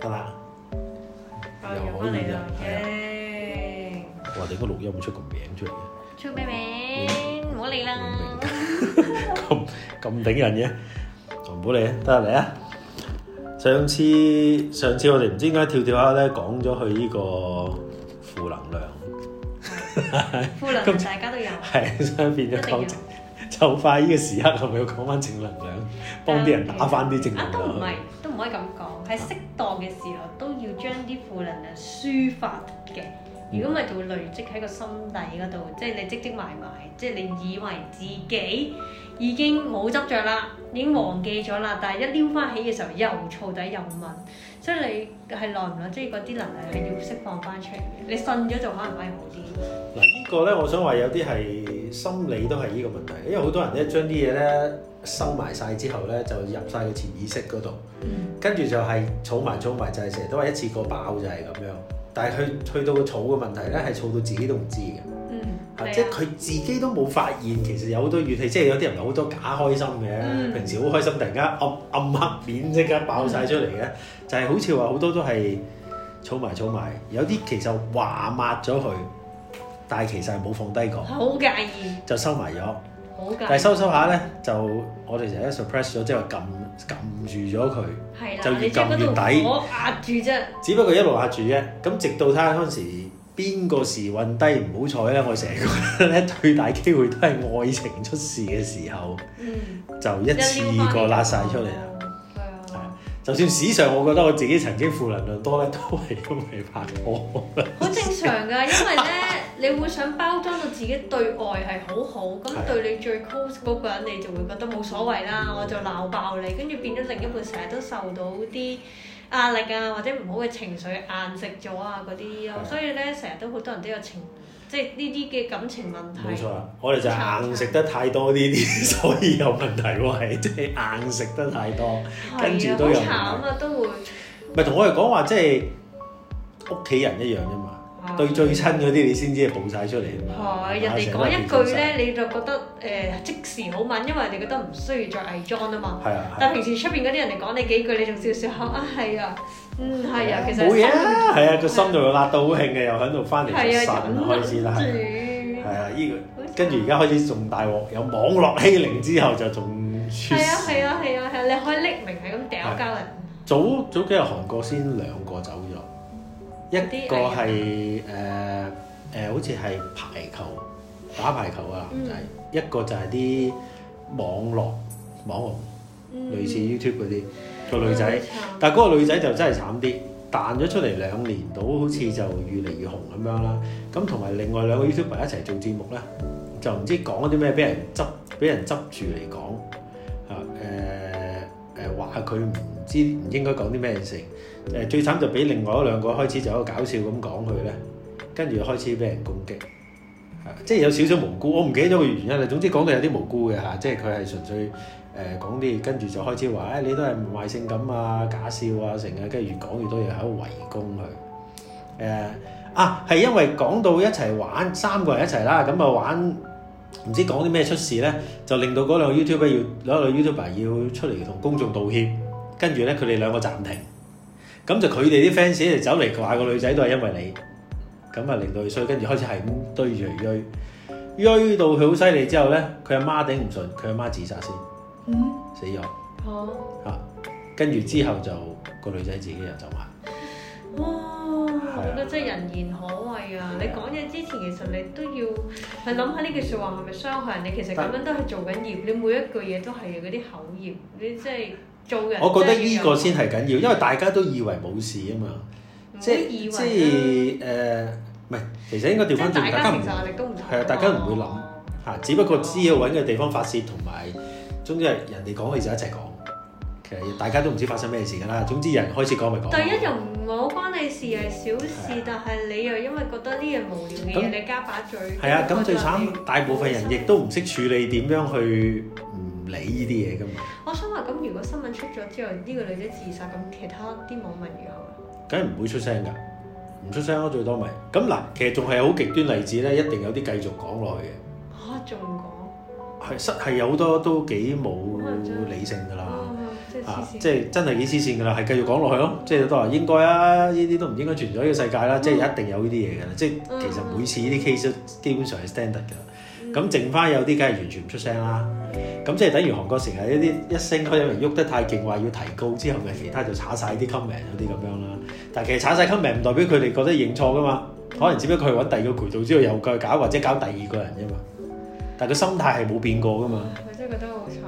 得啦，又可以嘅，係啊！我哋個錄音會出個名出嚟嘅，出咩名？唔好理啦！咁咁頂人嘅，唔好理！啊！得嚟啊！上次上次我哋唔知點解跳跳下咧講咗去呢個負能量，負能量大家都有，係所以變咗就就快呢個時刻係咪要講翻正能量，幫啲人打翻啲正能量？唔係，都唔可以咁講，係識。當嘅時候都要將啲負能量抒發嘅，如果唔係就會累積喺個心底嗰度，即係你積積埋埋埋，即係你以為自己已經冇執着啦，已經忘記咗啦，但係一撩翻起嘅時候又燥底又悶，所以你係耐唔耐，即係嗰啲能量係要釋放翻出嚟嘅，你信咗就可能反而好啲。嗱，呢個咧我想話有啲係心理都係呢個問題，因為好多人一將啲嘢咧。收埋晒之後咧，就入晒個潛意識嗰度，跟住、嗯、就係儲埋儲埋就係成日都話一次過爆就係咁樣。但係佢去，去到個儲嘅問題咧，係儲到自己都唔知嘅，嗯、即係佢自己都冇發現其實有好多怨氣，即係有啲人好多假開心嘅，嗯、平時好開心，突然間暗暗黑面即刻爆晒出嚟嘅，嗯、就係好似話好多都係儲埋儲埋，有啲其實話抹咗佢，但係其實係冇放低過，好介意就收埋咗。但係收收下咧，就我哋成日都 suppress 咗，即係話撳住咗佢，的就越撳越底。我壓住啫，只不過一路壓住啫。咁直到睇下嗰時邊個時運低唔好彩咧，我成日覺得咧，最大機會都係愛情出事嘅時候，嗯、就一次過甩晒出嚟啦。係啊，就算史上，我覺得我自己曾經負能量多咧，都係因為拍拖。好正常㗎， 因為咧。 你會想包裝到自己對外係好好，咁對你最 close 嗰個人，你就會覺得冇所謂啦，我就鬧爆你，跟住變咗另一半成日都受到啲壓力啊，或者唔好嘅情緒硬食咗啊嗰啲咯，係啊，所以咧成日都好多人都有情，即係呢啲嘅感情問題。冇錯啊，我哋就硬食得太多呢啲，所以有問題喎，啊，係即係硬食得太多，跟住都有。慘啊，都會。咪同我哋講話，即係屋企人一樣啫對最親嗰啲你先知係爆晒出嚟。係，人哋講一句咧，你就覺得誒、呃、即時好敏，因為你覺得唔需要再偽裝啊嘛。係啊！但係平時出邊嗰啲人哋講你幾句，你仲笑笑嚇啊，係啊，嗯係啊，其實冇嘢啊，係啊，個心就會辣到好興嘅，又響度翻嚟。係啊，跟住。係啊，依個跟住而家開始仲大鑊，有網絡欺凌之後就仲。係啊係啊係啊係啊！你可以匿名係咁掉鳩人。早早幾日韓國先兩個走咗。一個係誒誒，好似係排球打排球啊，男仔、嗯，一個就係啲網絡網紅，類似 YouTube 嗰啲、嗯、個女仔。但係嗰個女仔就真係慘啲，彈咗出嚟兩年到，好似就越嚟越紅咁樣啦。咁同埋另外兩個 YouTuber 一齊做節目咧，就唔知講啲咩，俾人執俾人執住嚟講嚇誒誒，話佢唔知唔應該講啲咩事。誒最慘就俾另外一兩個開始就喺度搞笑咁講佢咧，跟住開始俾人攻擊，啊、即係有少少無辜。我唔記得咗個原因啦。總之講到有啲無辜嘅嚇、啊，即係佢係純粹誒講啲，跟住就開始話誒、哎、你都係賣性感啊、假笑啊成日，跟住越講越多嘢喺度圍攻佢誒啊，係、啊、因為講到一齊玩三個人一齊啦，咁啊玩唔知講啲咩出事咧，就令到嗰兩個 YouTuber 要嗰兩、嗰兩個、YouTuber 要出嚟同公眾道歉，跟住咧佢哋兩個暫停。咁就佢哋啲 fans 走嚟話個女仔都係因為你，咁啊令到佢衰，跟住開始係咁堆住嚟堆，堆到佢好犀利之後呢，佢阿媽頂唔順，佢阿媽自殺先，嗯，死咗了，嚇、啊，跟住、啊、之後就個女仔自己又走埋。哇！啊、我覺得真係人言可畏啊！啊啊你講嘢之前其實你都要係諗下呢句説話係咪傷害人？但你其實咁樣都係做緊業，你每一句嘢都係嗰啲口業，你即係。我覺得呢個先係緊要，因為大家都以為冇事啊嘛，以為即係誒，唔係、呃，其實應該調翻轉，大家唔係啊，大家唔會諗嚇，只不過知要搵個地方發泄，同埋總之係人哋講，你就一齊講。其實大家都唔知發生咩事㗎啦，總之人開始講咪講。第一又唔好關你事係小事，啊、但係你又因為覺得呢樣無聊嘢，你加那把嘴。係啊，咁最慘，大部分人亦都唔識處理點樣去。理呢啲嘢噶嘛？我想話咁，如果新聞出咗之後，呢、呢個女仔自殺，咁其他啲網民如何？梗係唔會出聲噶，唔出聲咯，最多咪咁嗱。其實仲係好極端例子咧，嗯、一定有啲繼續講落去嘅。嚇、啊，仲講？係實係有好多都幾冇理性㗎啦，嗯嗯、即即啊，即係真係幾黐線㗎啦，係、嗯、繼續講落去咯。嗯、即係都話應該啊，呢啲都唔應該存在呢個世界啦。嗯、即係一定有呢啲嘢㗎啦。即係其實每次呢啲 case 都基本上係 standard 㗎。咁剩返有啲梗係完全唔出聲啦，咁即係等於韓國成日一啲一聲佢有人喐得太勁，話要提高之後，咪其他就炒晒啲 comment 嗰啲咁樣啦。但係其實炒晒 comment 唔代表佢哋覺得認錯㗎嘛，可能只不過佢揾第二個渠道之後又再搞或者搞第二個人啫嘛。但係個心態係冇變過㗎嘛。佢、啊、真係覺得好慘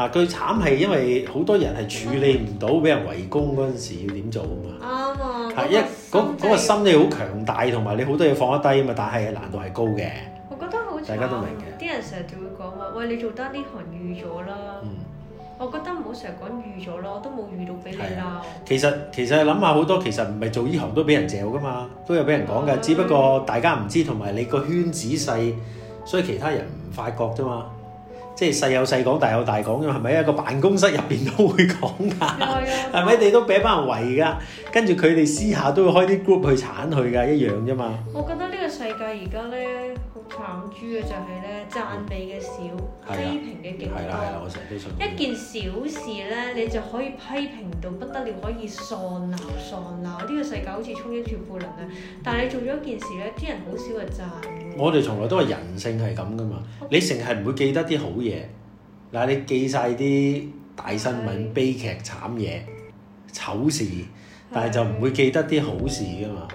啊！佢最、嗯啊、慘係因為好多人係處理唔到俾人圍攻嗰陣時要點做啊嘛。啱啊！係一嗰個心理好、啊那個、強大，同埋你好多嘢放得低啊嘛，但係難度係高嘅。大家都明嘅，啲、啊、人成日就會講話，喂，你做得呢行預咗啦。嗯、我覺得唔好成日講預咗咯，預都冇預到俾你啦。其實其實諗下好多，其實唔係做呢行都俾人嚼噶嘛，都有俾人講嘅，的只不過大家唔知，同埋你個圈子細，所以其他人唔發覺啫嘛。即係細有細講，大有大講咁，係咪一個辦公室入邊都會講㗎？係咪 的你都俾班人圍㗎？跟住佢哋私下都會開啲 group 去鏟佢㗎，一樣啫嘛。我覺得呢個世界而家咧好慘豬嘅就係咧讚美嘅少，批評嘅勁多。係啦係啦，我成日都信。一件小事咧，你就可以批評到不得了，可以喪鬧喪鬧。呢、這個世界好似充滿住負能量，但係你做咗一件事咧，啲人好少話讚。我哋從來都係人性係咁噶嘛，Okay. 你成日唔會記得啲好嘢，嗱，你記晒啲大新聞、Yeah. 悲劇、慘嘢、醜事，但係就唔會記得啲好事噶嘛。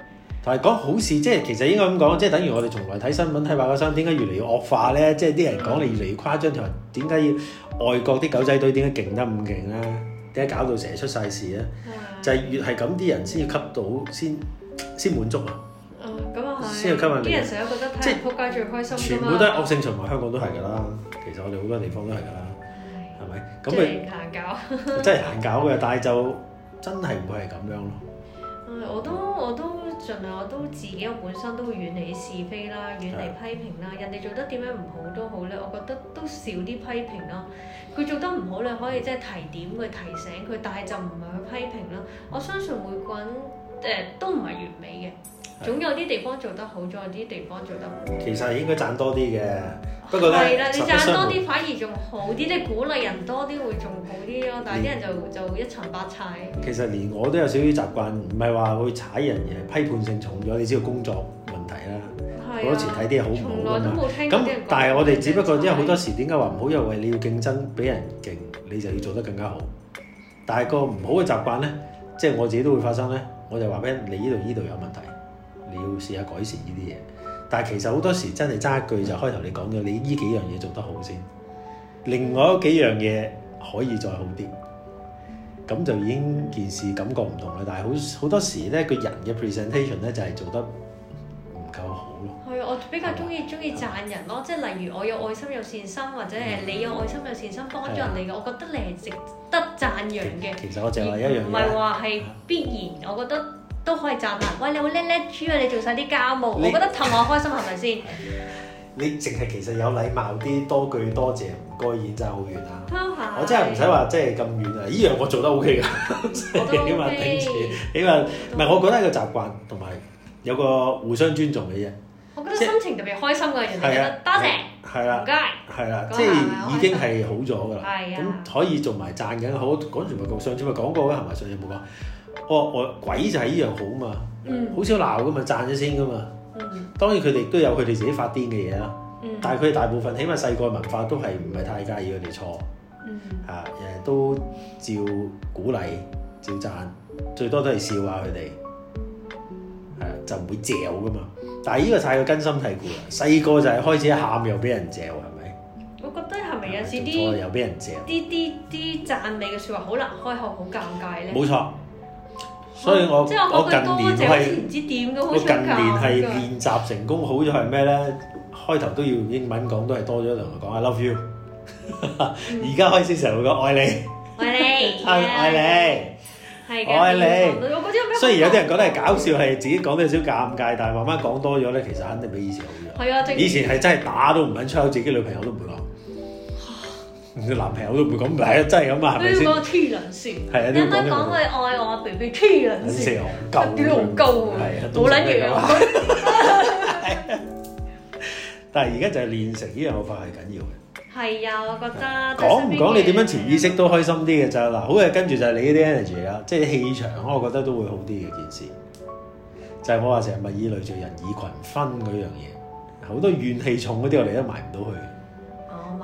但係講好事，即係其實應該咁講，即係等於我哋從來睇新聞睇八卦新聞，點解越嚟越惡化咧？即係啲人講你越嚟越誇張，同埋點解要外國啲狗仔隊點解勁得咁勁咧？點解搞到成日出晒事咧？Yeah. 就係越係咁啲人先要吸到先先滿足啊！先去吸引啲人成日覺得睇人撲街最開心，全部都係惡性循環，香港都係㗎啦。其實我哋好多地方都係㗎啦，係咪是？咁咪即係難搞，即 係難搞嘅。 但係就真係唔會係咁樣咯。我都我都盡量，我都自己，我本身都會遠離是非啦，遠離批評啦。是的 人哋做得點樣唔好都好咧，我覺得都少啲批評啦。佢做得唔好咧，可以即係提點佢、提醒佢，但係就唔係去批評啦。我相信每個人誒都唔係完美嘅。總有啲地方做得好，總有啲地方做得唔好。哦、其實應該賺多啲嘅，不過都係啦。你賺多啲反而仲好啲，即、嗯、鼓勵人多啲會仲好啲咯。但係啲連人就就一層八菜。其實連我都有少少習慣，唔係話會踩人嘅批判性重咗，你知道工作問題啦。係的。好多時睇啲好唔好咁。但係我哋只不過的因為好多時點解話唔好又為你要競爭，俾人勁，你就要做得更加好。但係個唔好嘅習慣呢，即、就、係、是、我自己都會發生呢，我就話俾你呢度呢度有問題。你要試下改善呢啲嘢，但係其實好多時真係揸一句就開頭你講嘅，你呢幾樣嘢做得好先，另外嗰幾樣嘢可以再好啲，咁就已經件事感覺唔同啦。但係好好多時咧，個人嘅 presentation 咧就係做得唔夠好咯。係啊，我比較中意中意讚人咯，嗯、即係例如我有愛心有善心，或者係你有愛心有善心幫咗人哋，的我覺得你係值得讚揚嘅。其實我淨係一樣，唔係話係必然，我覺得。都可以讚啊！喂，你好叻叻豬啊！你做晒啲家務，我覺得氹我開心，係咪先？你淨係其實有禮貌啲，多句多謝唔該，已經賺好遠啦。我真係唔使話，即係咁遠啊！依樣我做得 OK 噶，OK 啊嘛，起碼起碼唔係我覺得係一個習慣同埋有個互相尊重嘅啫。我覺得心情特別開心嘅人，覺得多謝，係啊，唔該，係啦，即係已經係好咗噶啦。咁可以做埋讚嘅，好，講完咪講，上次咪講過嘅係咪？上次有冇講？哦、我我鬼就係依樣好嘛，好、嗯、少鬧噶嘛，讚咗先噶嘛。嗯、當然佢哋都有佢哋自己發癲嘅嘢啦，嗯、但係佢大部分起碼細個文化都係唔係太介意佢哋錯，日日、嗯啊、都照鼓勵，照讚，最多都係笑下佢哋，係、啊、就唔會嚼噶嘛。但係呢個太過根深蒂固啦，細個就係開始喊又俾人嚼係咪？我覺得係咪有時啲錯、嗯、又俾人嚼啲啲啲讚美嘅説話好難開口，好尷尬咧？冇錯。所以我是我近年謝我係是我近年係練習成功好咗係咩咧？開頭都要英文講，都係多咗同佢講 I love you，而 家開始成日會講愛你，愛你，愛你， 愛你。的愛你雖然有啲人覺得搞笑，係自己講得有少尷尬，但係慢慢講多咗咧，其實肯定比以前好咗。係啊，以前係真係打都唔肯出口，自己女朋友都唔會講。男朋友都會講唔係啊，真係咁啊，係咪先？都要講黐人線，有講佢愛我啊，B B 黐人線，成嚿屌龍鳩啊，倒捻嘢，但係而家就係練成呢樣方法係緊要嘅。係啊，我覺得講唔講你點樣潛意識都開心啲嘅就係嗱，好嘅，跟住就係你啲 energy 啦，即係氣場，我覺得都會好啲嘅件事。就係我話成日物以類聚，人以群分嗰樣嘢，好多怨氣重嗰啲我哋都埋唔到去。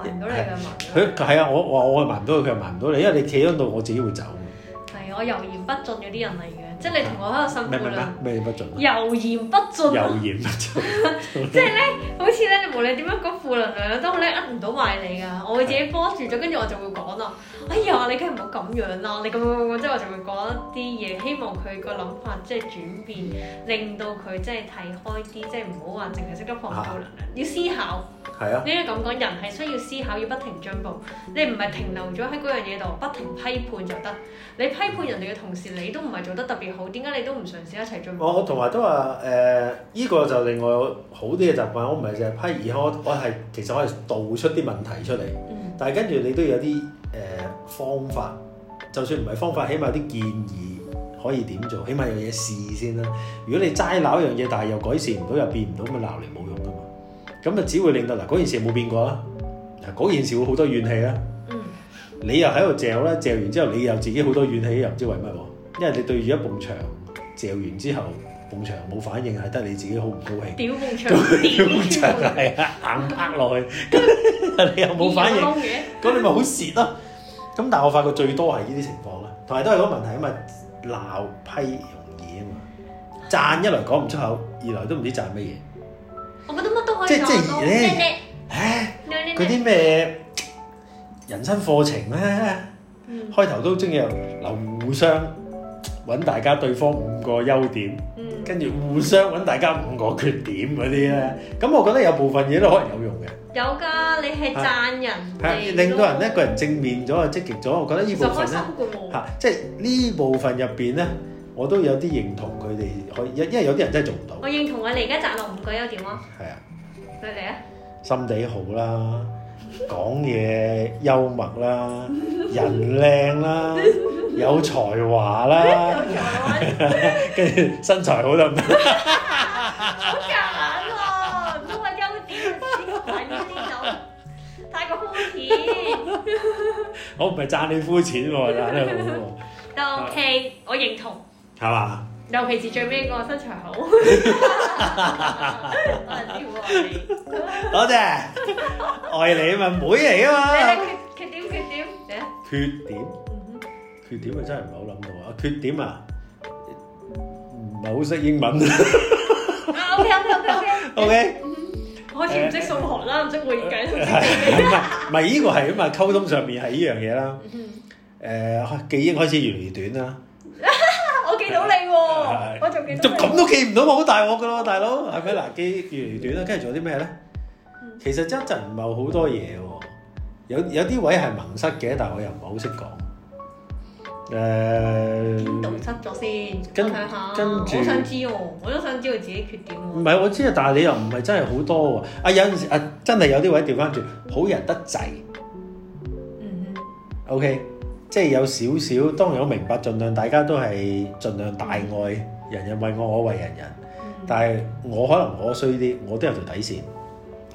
唔到你嘅聞，佢係啊！我我我係聞唔到佢，佢係聞唔到你，因為你企喺度，我自己會走。係我油鹽不進嗰啲人嚟嘅，Okay. 即係你同我喺度辛苦啊！咩不進？油鹽不進。油鹽不進。 即係咧，好似咧，你無論點樣講負能量，都好，咧呃唔到埋你噶，我會自己幫住咗，跟住的我就會講、哎、啊！哎呀，你梗係唔好咁樣啦！你咁咁咁，即係我就會講一啲嘢，希望佢個諗法即係轉變，Yeah. 令到佢即係睇開啲，即係唔好話淨係識得放負能量，Yeah. 要思考。係啊！你啱咁講，人係需要思考，要不停進步。你唔係停留咗喺嗰樣嘢度，不停批判就得。你批判人哋嘅同時，你都唔係做得特別好，點解你都唔嘗試一齊進步？我，我同埋都話誒，依、呃呢個就另外好啲嘅習慣，我唔係淨係批，而我我係其實我係導出啲問題出嚟。嗯、但係跟住你都有啲誒、呃、方法，就算唔係方法，起碼有啲建議可以點做，起碼有嘢試先啦。如果你齋鬧一樣嘢，但係又改善唔到，又變唔到咁樣鬧嚟冇用噶嘛。咁就只會令到嗱嗰件事冇變過啦，嗱嗰件事會好多怨氣啦，嗯、你又喺度嚼啦，嚼完之後你又自己好多怨氣，又唔知為乜喎？因為你對住一埲牆，嚼完之後埲牆冇反應，係得你自己好唔高興，屌埲牆，係啊，硬劈落去， 你又冇反應，咁 你咪好蝕咯。咁但係我發覺最多係呢啲情況啦，同埋都係嗰個問題啊嘛，鬧批容易啊嘛，讚一來講唔出口，二來都唔知讚乜嘢。即即而咧，唉，嗰啲咩人生課程咧，開頭都鍾意留互相揾大家對方五個優點，跟住互相揾大家五個缺點嗰啲咧。咁我覺得有部分嘢都可能有用嘅。有㗎，你係贊人，係令到人一個人正面咗啊，積極咗。我覺得呢部分咧吓，即係呢部分入邊咧，我都有啲認同佢哋可以，因因為有啲人真係做唔到。我認同啊，你而家摘落五個優點啊，係啊。心地好啦，講嘢幽默啦，人靚啦，有才華啦，跟住身材好得唔得？好夾硬喎，咁個優點只係呢啲就太過膚淺，我唔係讚你膚淺喎，真係好喎，OK，我認同 ，係嘛？尤其是最尾個身材好，多謝，愛你咪妹嚟啊嘛！你係缺點缺點，點？缺點？嗯哼，缺點啊真係唔好諗到啊！缺點啊，唔係好識英文。O K O K O K O K，我開始唔識數學啦，唔識會計啦，係唔係？唔係呢個係啊嘛，溝通上面係呢樣嘢啦。嗯，誒記憶開始越嚟越短啦。見到、啊、你喎，我仲見到，就咁都見唔到，我好大鑊噶咯，大佬係咪？嗱，機越嚟越短啦，跟住做啲咩咧？嗯、其實真係唔係好多嘢，有有啲位係盲塞嘅，但係我又唔係好識講。誒、呃，邊度失咗先？看看跟佢下，好、嗯、想知哦，我都想知道自己缺點。唔係我知道啊，但係你又唔係真係好多喎。啊有陣時啊，真係有啲位調翻轉，好人得滯。嗯哼。O K。即係有少少，當然我明白，盡量大家都係盡量大愛，嗯、人人為我，我為人人。嗯、但係我可能我衰啲，我都有條底線。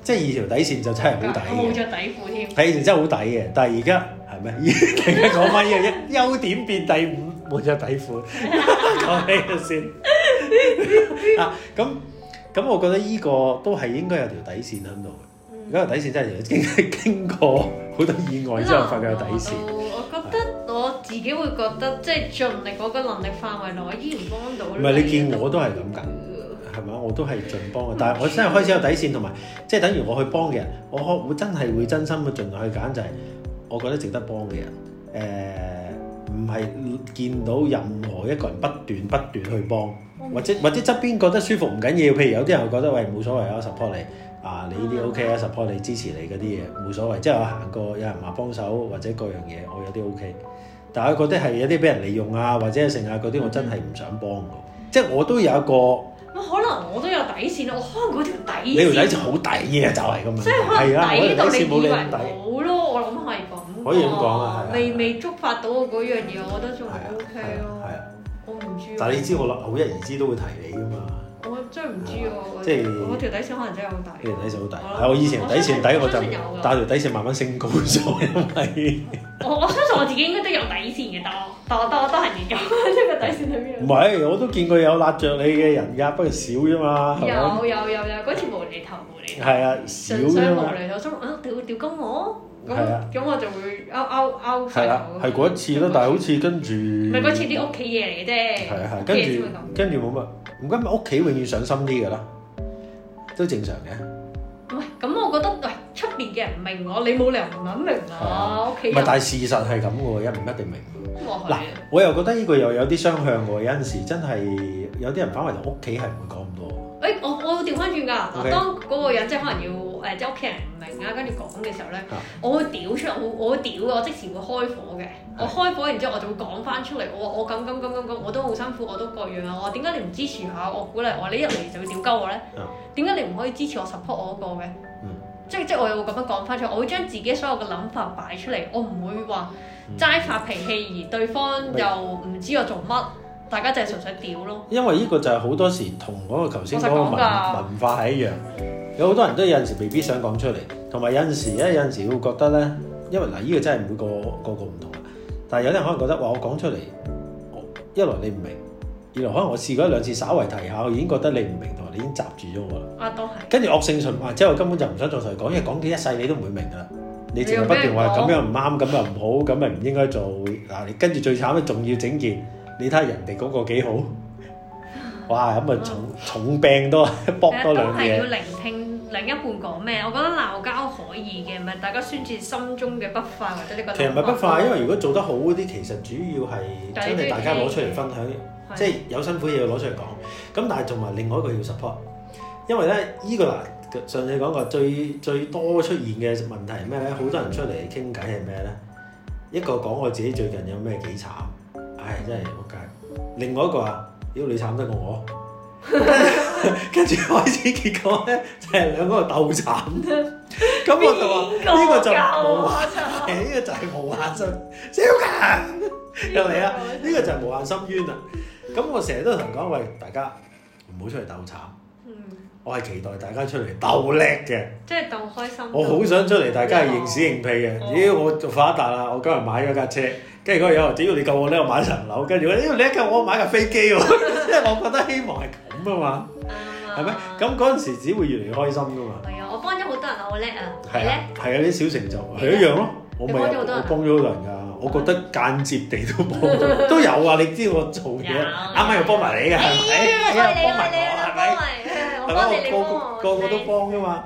即係二條底線就真係好抵，冇咗底褲添。睇起嚟真係好抵嘅，但係而家係咩？而家講乜嘢啫？優 點變第五，冇咗底褲，講 起咗先。 啊，咁咁，我覺得呢個都係應該有條底線喺度。如果條底線真係經係經過好多意外之後發覺有底線。 我覺得。自己會覺得即係盡力嗰個能力範圍內，我依然幫到你。唔係你見我都係咁㗎，係咪、呃、我都係盡幫嘅。行但係我真係開始有底線，同埋即係等於我去幫嘅人，我會真係會真心去盡量去揀，就係我覺得值得幫嘅人。誒、呃，唔係見到任何一個人不斷不斷去幫，行或者或者側邊覺得舒服唔緊要。譬如有啲人會覺得喂，冇所謂啊，support 你啊，你呢啲 O K 啊，support 你支持你嗰啲嘢冇所謂。即係我行過有人話幫手或者各樣嘢，我有啲 O K。但係我覺得係有啲俾人利用啊，或者成啊嗰啲，我真係唔想幫㗎。即係我都有一個，可能我都有底線咯。我可能嗰條底線，你條底線好底嘅，就係咁樣。係啊，我底線冇咁底。冇咯，我諗係咁。可以咁講啊，係。未未觸發到我嗰樣嘢，我覺得仲 OK 咯。係啊，我唔知。但係你知我偶然而知都會提你㗎嘛？我真係唔知喎、啊，即是我條底線可能真係好大，啊、大。條底線好底。係對我以前底線低我，我就有，但係條底線慢慢升高咗，因為我我，我相信我自己應該都有底線嘅，但係但係我都係呢個底線喺邊？唔係，我都見過有攔著你嘅人的，㗎不過少啫嘛。有有有有，嗰次無厘頭無厘頭。係 啊，少咗。純粹無厘頭，中、啊、屌屌鳩我。咁，咁我就會勾勾勾，翻。係啦，係嗰一次咯，但係好似跟住唔係嗰次啲屋企嘢嚟嘅啫。係啊係，跟住跟住冇乜。唔該屋企永遠上心啲嘅啦，都正常嘅。唔係，咁我覺得，喂，出邊嘅人唔明我，你冇理由唔肯明我屋企。唔係，但係事實係咁嘅喎，一唔一定明。嗱，我又覺得呢個又有啲雙向嘅喎，有陣時真係有啲人反為同屋企係唔會講咁多。誒，我我調翻轉㗎，當嗰個人即係可能要。誒即屋企人唔明啊，跟住講嘅時候咧，我會屌出嚟，我我會屌啊！我即時會開火嘅，的我開火然之後我就會講翻出嚟，我我咁咁咁咁咁，我都好辛苦，我都各樣啊！我話點解你唔支持下、啊？我鼓勵我你一嚟就會屌鳩我咧，點解、啊、你唔可以支持我 support 我嗰、嗰個嘅？嗯、即即我又會咁樣講翻出嚟，我會將自己所有嘅諗法擺出嚟，我唔會話齋發脾氣而對方又唔知我做乜。嗯大家就係純粹屌咯。因為呢個就係好多時同嗰個頭先嗰個文文化係一樣，有好多人都有陣時未必想講出嚟，同埋有陣時咧有陣時會覺得咧，因為嗱呢個真係每個個個唔同啊。但係有啲人可能覺得話我講出嚟，一來你唔明，二來可能我試過一兩次稍為提下，我已經覺得你唔明，同埋你已經閘住咗我啦。啊，都係。跟住惡性循環之後，根本就唔想再同佢講，因為講幾一世你都唔會明㗎啦。你淨係不斷話咁樣唔啱，咁又唔好，咁咪唔應該做嗱。你跟住最慘咧，仲要整結。你睇下人哋嗰個幾好，哇！咁啊重、嗯、重病都搏 多，多兩嘢。係要聆聽另一半講咩？我覺得鬧交可以嘅，唔係大家宣泄心中嘅不快，或者你覺得。其實唔係不快，因為如果做得好啲，其實主要係將你大家攞出嚟分享，即係對有辛苦嘢要攞出嚟講。咁的但係同埋另外一個要 support，因為咧依、依個嗱上次講過最最多出現嘅問題係咩咧？好多人出嚟傾偈係咩咧？一個講我自己最近有咩幾慘。唉，真係仆街！另外一個啊，屌、哎、你慘得過我，跟 住開始，結果咧就係、是、兩個鬥慘。咁 我就話：呢個就冇限心，呢個就係無限心。Shocking 又嚟啦！呢 吧個就係無限心冤啦、啊。咁 我成日都同人講，喂，大家唔好出嚟鬥慘。嗯。我係期待大家出嚟鬥叻嘅。即係鬥開心。我好想出嚟，大家係認屎認屁嘅。咦、哦，我就 發達啦！我今日買咗架車。跟住嗰日又只要你救我，咧我買層樓；跟住我，咦你一救我，我買架飛機喎！即係我覺得希望係咁啊嘛，係咪？咁嗰陣時只會越嚟越開心噶嘛。係啊，我幫咗好多人啊，我叻啊！係啊，係啊，啲小成就係一樣咯。我咪幫咗好多，我幫咗好多人㗎。我覺得間接地都幫都有啊！你知我做嘢，啱啱又幫埋你㗎，係咪？幫埋你，係咪？係咪？個個都幫㗎嘛。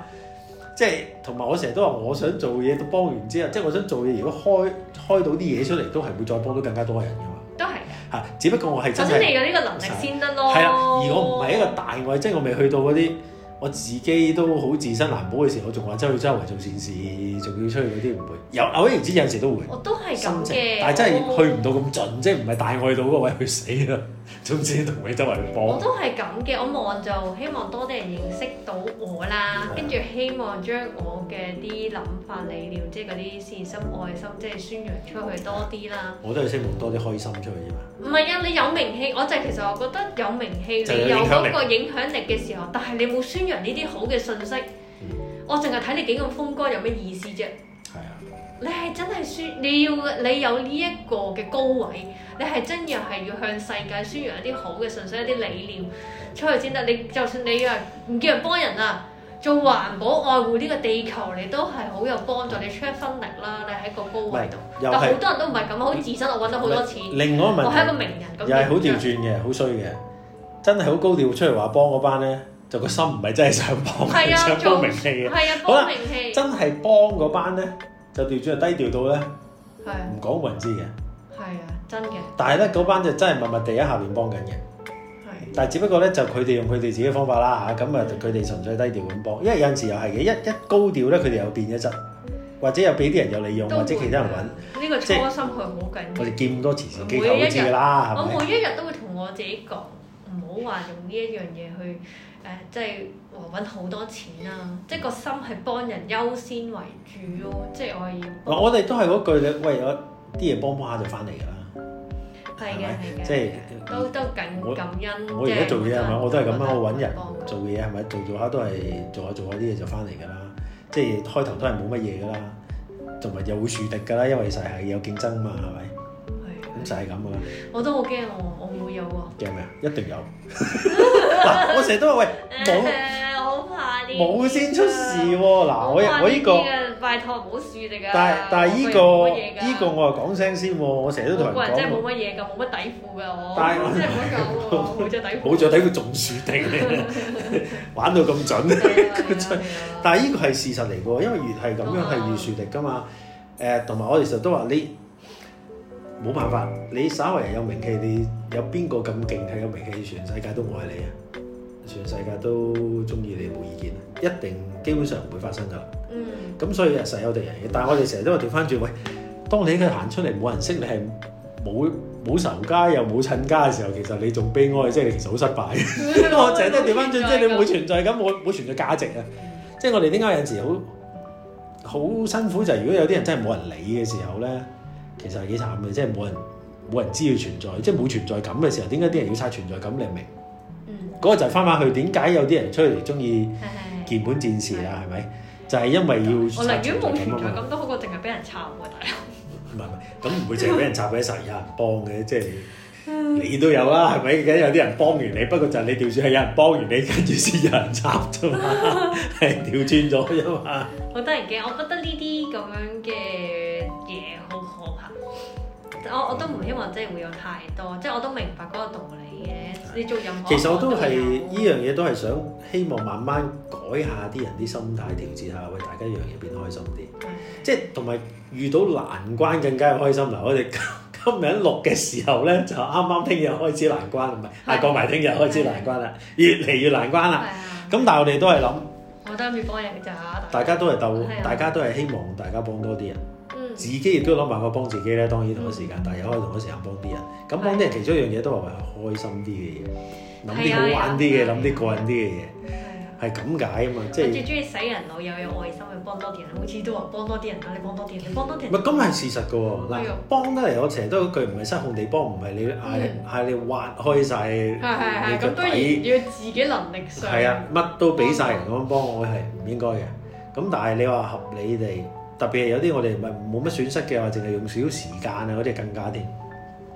即係同埋，我成日都話我想做嘢，都幫完之後，即係我想做嘢。如果開開到啲嘢出嚟，都係會再幫到更加多人噶嘛。都係嘅。只不過我係首先你有呢個能力先得咯。係啦，而我唔係一個大愛，即係我未去到嗰啲我自己都好自身難保嘅時候，我仲話周去周圍做善事，仲要出去嗰啲唔會有。嗱，總言之，有時都會。我都係咁嘅，但係真係去唔到咁盡，即係唔係大愛到嗰位去死啦。總之同你周圍幫我都係咁嘅，我望就希望多啲人認識到我啦，跟住希望將我嘅啲諗法理念，即係嗰啲善心愛心，即係宣揚出去多啲啦。我都係希望多啲開心出去，唔係啊，你有名氣，我就係其實我覺得有名氣，有你有嗰個影響力嘅時候，但係你冇宣揚呢啲好嘅信息，我淨係睇你幾咁風光，有咩意思啫？你係真係宣你要你有呢一個嘅高位，你係真又係要向世界宣揚一啲好嘅，純粹一啲理念出去先得。你就算你啊唔叫人幫人啊，做環保愛護呢個地球，你都係好有幫助。你出一分力啦，你喺個高位度，但好多人都唔係咁啊，好自身我揾到好多錢，我係一個名人，又係好調轉嘅，好衰嘅，真係好高調出嚟話幫嗰班咧，就個心唔係真係想幫，想係啊，幫名氣。係啊，幫名氣。真係幫嗰班咧。就調轉啊！低調到咧，唔、啊、講冇人知嘅，係啊，真嘅。但係咧，嗰班就真係默默地喺下面幫緊嘅，係、啊。但係只不過咧，就佢哋用佢哋自己方法啦嚇，咁啊佢哋純粹低調咁幫，因為有陣時又係嘅，一一高調咧，佢哋又變咗質，或者又俾啲人又利用，都會 或者其他人揾。呢、啊呢個初心佢好即緊。我哋見多慈善機構知啦，係咪？我每一日都會同我自己講，唔好話用呢一樣嘢去。誒即係揾好多錢啊！即係個心係幫人優先為主咯，即係我係要。嗱，我哋都係嗰句，你喂有啲嘢幫幫下就翻嚟㗎啦。係嘅，係嘅。即係都都感感恩。我而家做嘢係咪？我都係咁樣，我揾人做嘢係咪？做做下都係做下做下啲嘢就翻嚟㗎啦。即係開頭都係冇乜嘢㗎啦，同埋又會樹敵㗎啦，因為實係有競爭嘛，係咪？係。咁就係咁㗎啦。我都好驚我，我唔會有喎。驚咩啊？一定有。成日都話喂，冇，我好怕啲冇先出事喎。嗱，我又我呢個拜託冇樹敵啊！但係但係呢個呢個我話講聲先喎。我成日都同人講冇真係冇乜嘢㗎，冇乜底褲㗎我。但係我真係冇冇著底褲。冇咗底褲仲樹敵嚟，玩到咁準。但係呢個係事實嚟㗎，因為越係咁樣係越樹敵㗎嘛。誒，同埋我哋成日都話你冇辦法，你稍為有名氣，你有邊個咁勁係有名氣，全世界都愛你啊！全世界都中意你冇意見，一定基本上唔會發生㗎啦。嗯，咁所以日世有敵人嘅。但係我哋成日都話調翻轉，喂，當你依家行出嚟冇人識你，係冇冇仇家又冇親家嘅時候，其實你仲悲哀，即係其實好失敗。嗯、 我成日都調翻轉，即係你冇存在感，冇冇存在價值啊！即係我哋點解有時好好辛苦，就係、是、如果有啲人真係冇人理嘅時候咧，其實係幾慘嘅，即係冇人冇人知佢存在，即係冇存在感嘅時候，點解啲人要刷存在感？你明？嗰個就係翻返去，點解有啲人出嚟中意鍵盤戰士啊？係咪？就係、是、因為要我寧願冇存在咁多好過淨係俾人插喎，唔係唔係咁唔會淨係俾人插嘅時候有人幫嘅，即、就、係、是、你都有啦，係咪？梗有啲人幫完你，不過就係你調轉係有人幫完你，跟住先有人插啫嘛，係 調轉咗啫嘛。好得人驚，我覺得呢啲咁樣嘅。我我都唔希望即係會有太多，即係我都明白嗰個道理嘅。你做任何，其實我都係依有樣嘢，都係想希望慢慢改下啲人啲心態，調節下，為大家樣嘢變開心啲。 即係同埋遇到難關更加開心。嗱，我哋今日錄嘅時候咧，就啱啱聽日開始難關，唔係，係過埋聽日開始難關啦，嗎越嚟越難關啦。咁嗎但係我哋都係諗， 我都係幫人咋。大家都係鬥， 大家都係希望大家幫多啲人。自己亦都諗辦法幫自己咧，當然同一時間，但係又可以同一時間幫啲人。咁幫啲人，其中一樣嘢都話為開心啲嘅嘢，諗啲好玩啲嘅，諗啲個人啲嘅嘢，係咁解啊嘛。即係最鍾意使人老又有愛心去幫多啲人，每次都話幫多啲人啦，你幫多啲人，幫多啲人。唔係咁係事實噶喎，嗱，幫得嚟，我成日都嗰句唔係失控地幫，唔係你係你挖開晒。係係係。咁當然要自己能力上。係啊，乜都俾晒人咁樣幫我係唔應該嘅。咁但係你話合理地。特別係有啲我哋唔係冇乜損失嘅話，淨係用少少時間啊，嗰啲更加添。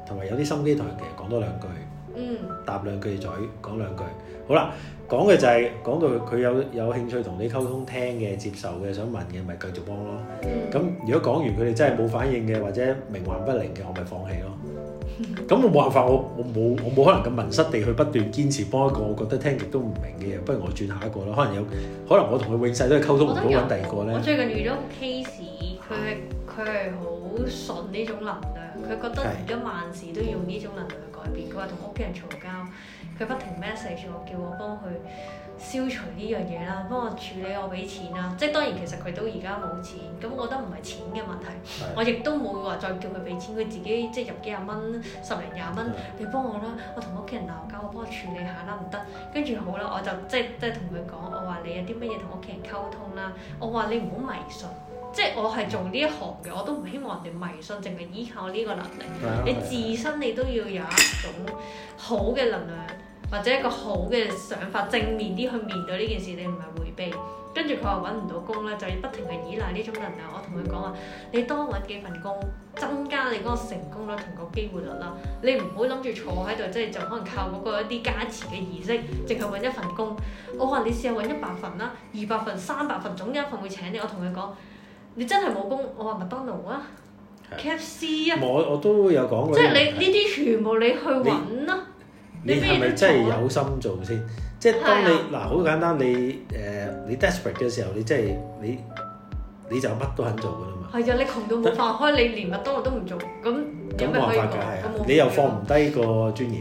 同埋有啲心機台嘅其實講多兩句，嗯，搭兩句嘴，講兩句。好啦，講嘅就係、是、講到佢有有興趣同你溝通聽嘅、接受嘅、想問嘅，咪繼續幫咯。咁、嗯、如果講完佢哋真係冇反應嘅，或者冥頑不靈嘅，我咪放棄咯。咁 我冇辦法，我我冇我冇可能咁迷失地去不斷堅持幫一個我覺得聽極都唔明嘅嘢，不如我轉下一個啦。可能有可能我同佢永世都係溝通唔到，搵第二個咧。我最近遇咗 case，佢係佢係好順呢種能量，佢覺得而家萬事都要用呢種能量去改變。佢話同屋企人嘈交，佢不停 message 我，叫我幫佢。消除呢樣嘢啦，幫我處理我俾錢啦，即係當然其實佢都而家冇錢，咁我覺得唔係錢嘅問題，的我亦都冇話再叫佢俾錢，佢自己即係入幾廿蚊、十零廿蚊，的你幫我啦，我同屋企人鬧交，我幫我處理下啦，唔得，跟住好啦，我就即係即係同佢講，我話你有啲乜嘢同屋企人溝通啦，我話你唔好迷信，即係我係做呢一行嘅，我都唔希望人哋迷信，淨係依靠呢個能力，的你自身你都要有一種好嘅能量。的或者一個好嘅想法，正面啲去面對呢件事，你唔係回避。跟住佢話揾唔到工咧，就要不停係依賴呢種能量。我同佢講話，你多揾幾份工，增加你嗰個成功率同個機會率啦。你唔好諗住坐喺度，即係就可能靠嗰個一啲加持嘅意識，淨係揾一份工。我話你試下揾一百份啦，二百份、三百份，總有一份會請你。我同佢講，你真係冇工，我話麥當勞啊的，KFC 啊我。我都有講過。即係你呢啲全部你去揾咯。你係咪真係有心做先？即係當你嗱好簡單，你誒你 desperate 嘅時候，你真係你你就乜都肯做噶啦嘛。係啊！你窮到冇飯開，你連麥當勞都唔做，咁有咩方法㗎？你又放唔低個尊嚴。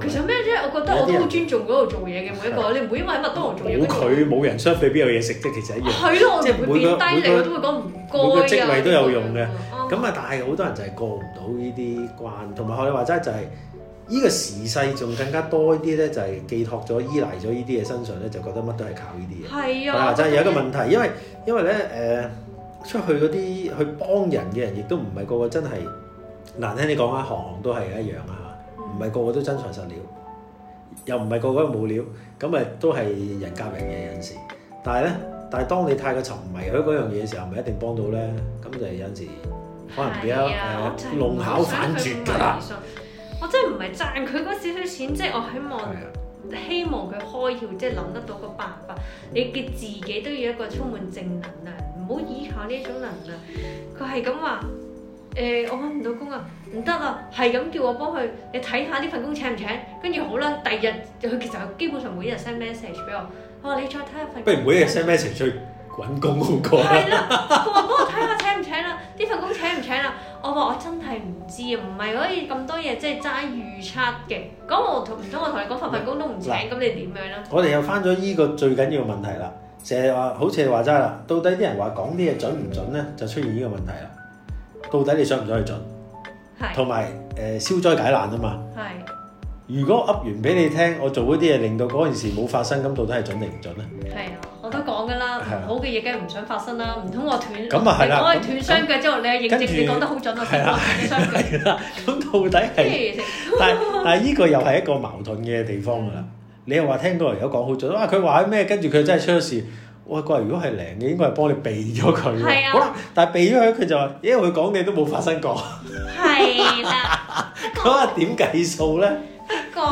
其實咩啫？我覺得我都好尊重嗰度做嘢嘅每一個。你唔會因為喺麥當勞做嘢冇佢冇人相比邊有嘢食啫，其實一樣。係咯，即係每個每個職位都有用嘅。咁啊，但係好多人就係過唔到呢啲關，同埋我哋話齋就係。呢個時勢仲更加多啲呢，就係、是、寄託咗、依賴咗呢啲嘢身上呢，就覺得乜都係靠呢啲嘢。係啊，啊，真係有一個問題，因為因為咧誒、呃，出去嗰啲去幫人嘅人，亦都唔係個個真係難聽，你講下行行都係一樣啊，唔係個個都真材實料，又唔係個個都冇料，咁誒都係人夾人嘅有陣時。但係呢，但係當你太過沉迷喺嗰樣嘢嘅時候，唔係一定幫到呢。咁就係有陣時可能比較弄巧反拙㗎啦。我真係唔係賺佢嗰少少錢，即係我希望的希望佢開竅，即係諗得到個辦法。你嘅自己都要一個充滿正能量，唔好以下呢種能量。佢係咁話，誒、欸，我揾唔到工啊，唔得啊，係咁叫我幫佢，你睇下呢份工請唔請？跟住好啦，第二日佢其實基本上每日 send message 俾我，我話你再睇一份，不如每日 send message 追。揾工好過係啦！ 佢話幫我睇下請唔請啦？呢份工請唔請啦？我話我真係唔知啊，唔係可以咁多嘢即係齋預測嘅。咁我同唔通我同你講份份工都唔請，咁、嗯、你點樣咧？我哋又翻咗依個最緊要嘅問題啦，成日話好似話齋啦，到底啲人說說話講啲嘢準唔準咧？就出現呢個問題啦。到底你想唔想去準？係同埋誒消災解難啊嘛。係是。如果噏完俾你聽，我做嗰啲嘢令到嗰件事冇發生，咁到底係準定唔準咧？係啊是。都講噶啦，唔好嘅嘢梗係唔想發生啦，唔通我斷，咁咪係、我你講我斷雙腳之後，你係認證你講得好準啊，斷雙腳。係啦，咁到底係，但係呢個又係一個矛盾嘅地方㗎啦。 你又話聽到人家，朋友講好準，哇！佢話咩？跟住佢真係出咗事。我覺得如果係靈，嘅，應該係幫你避咗佢。係啊的。好啦，但係避咗佢，佢就話：因為佢講嘅都冇發生過。係啦。咁啊，點計數咧？不過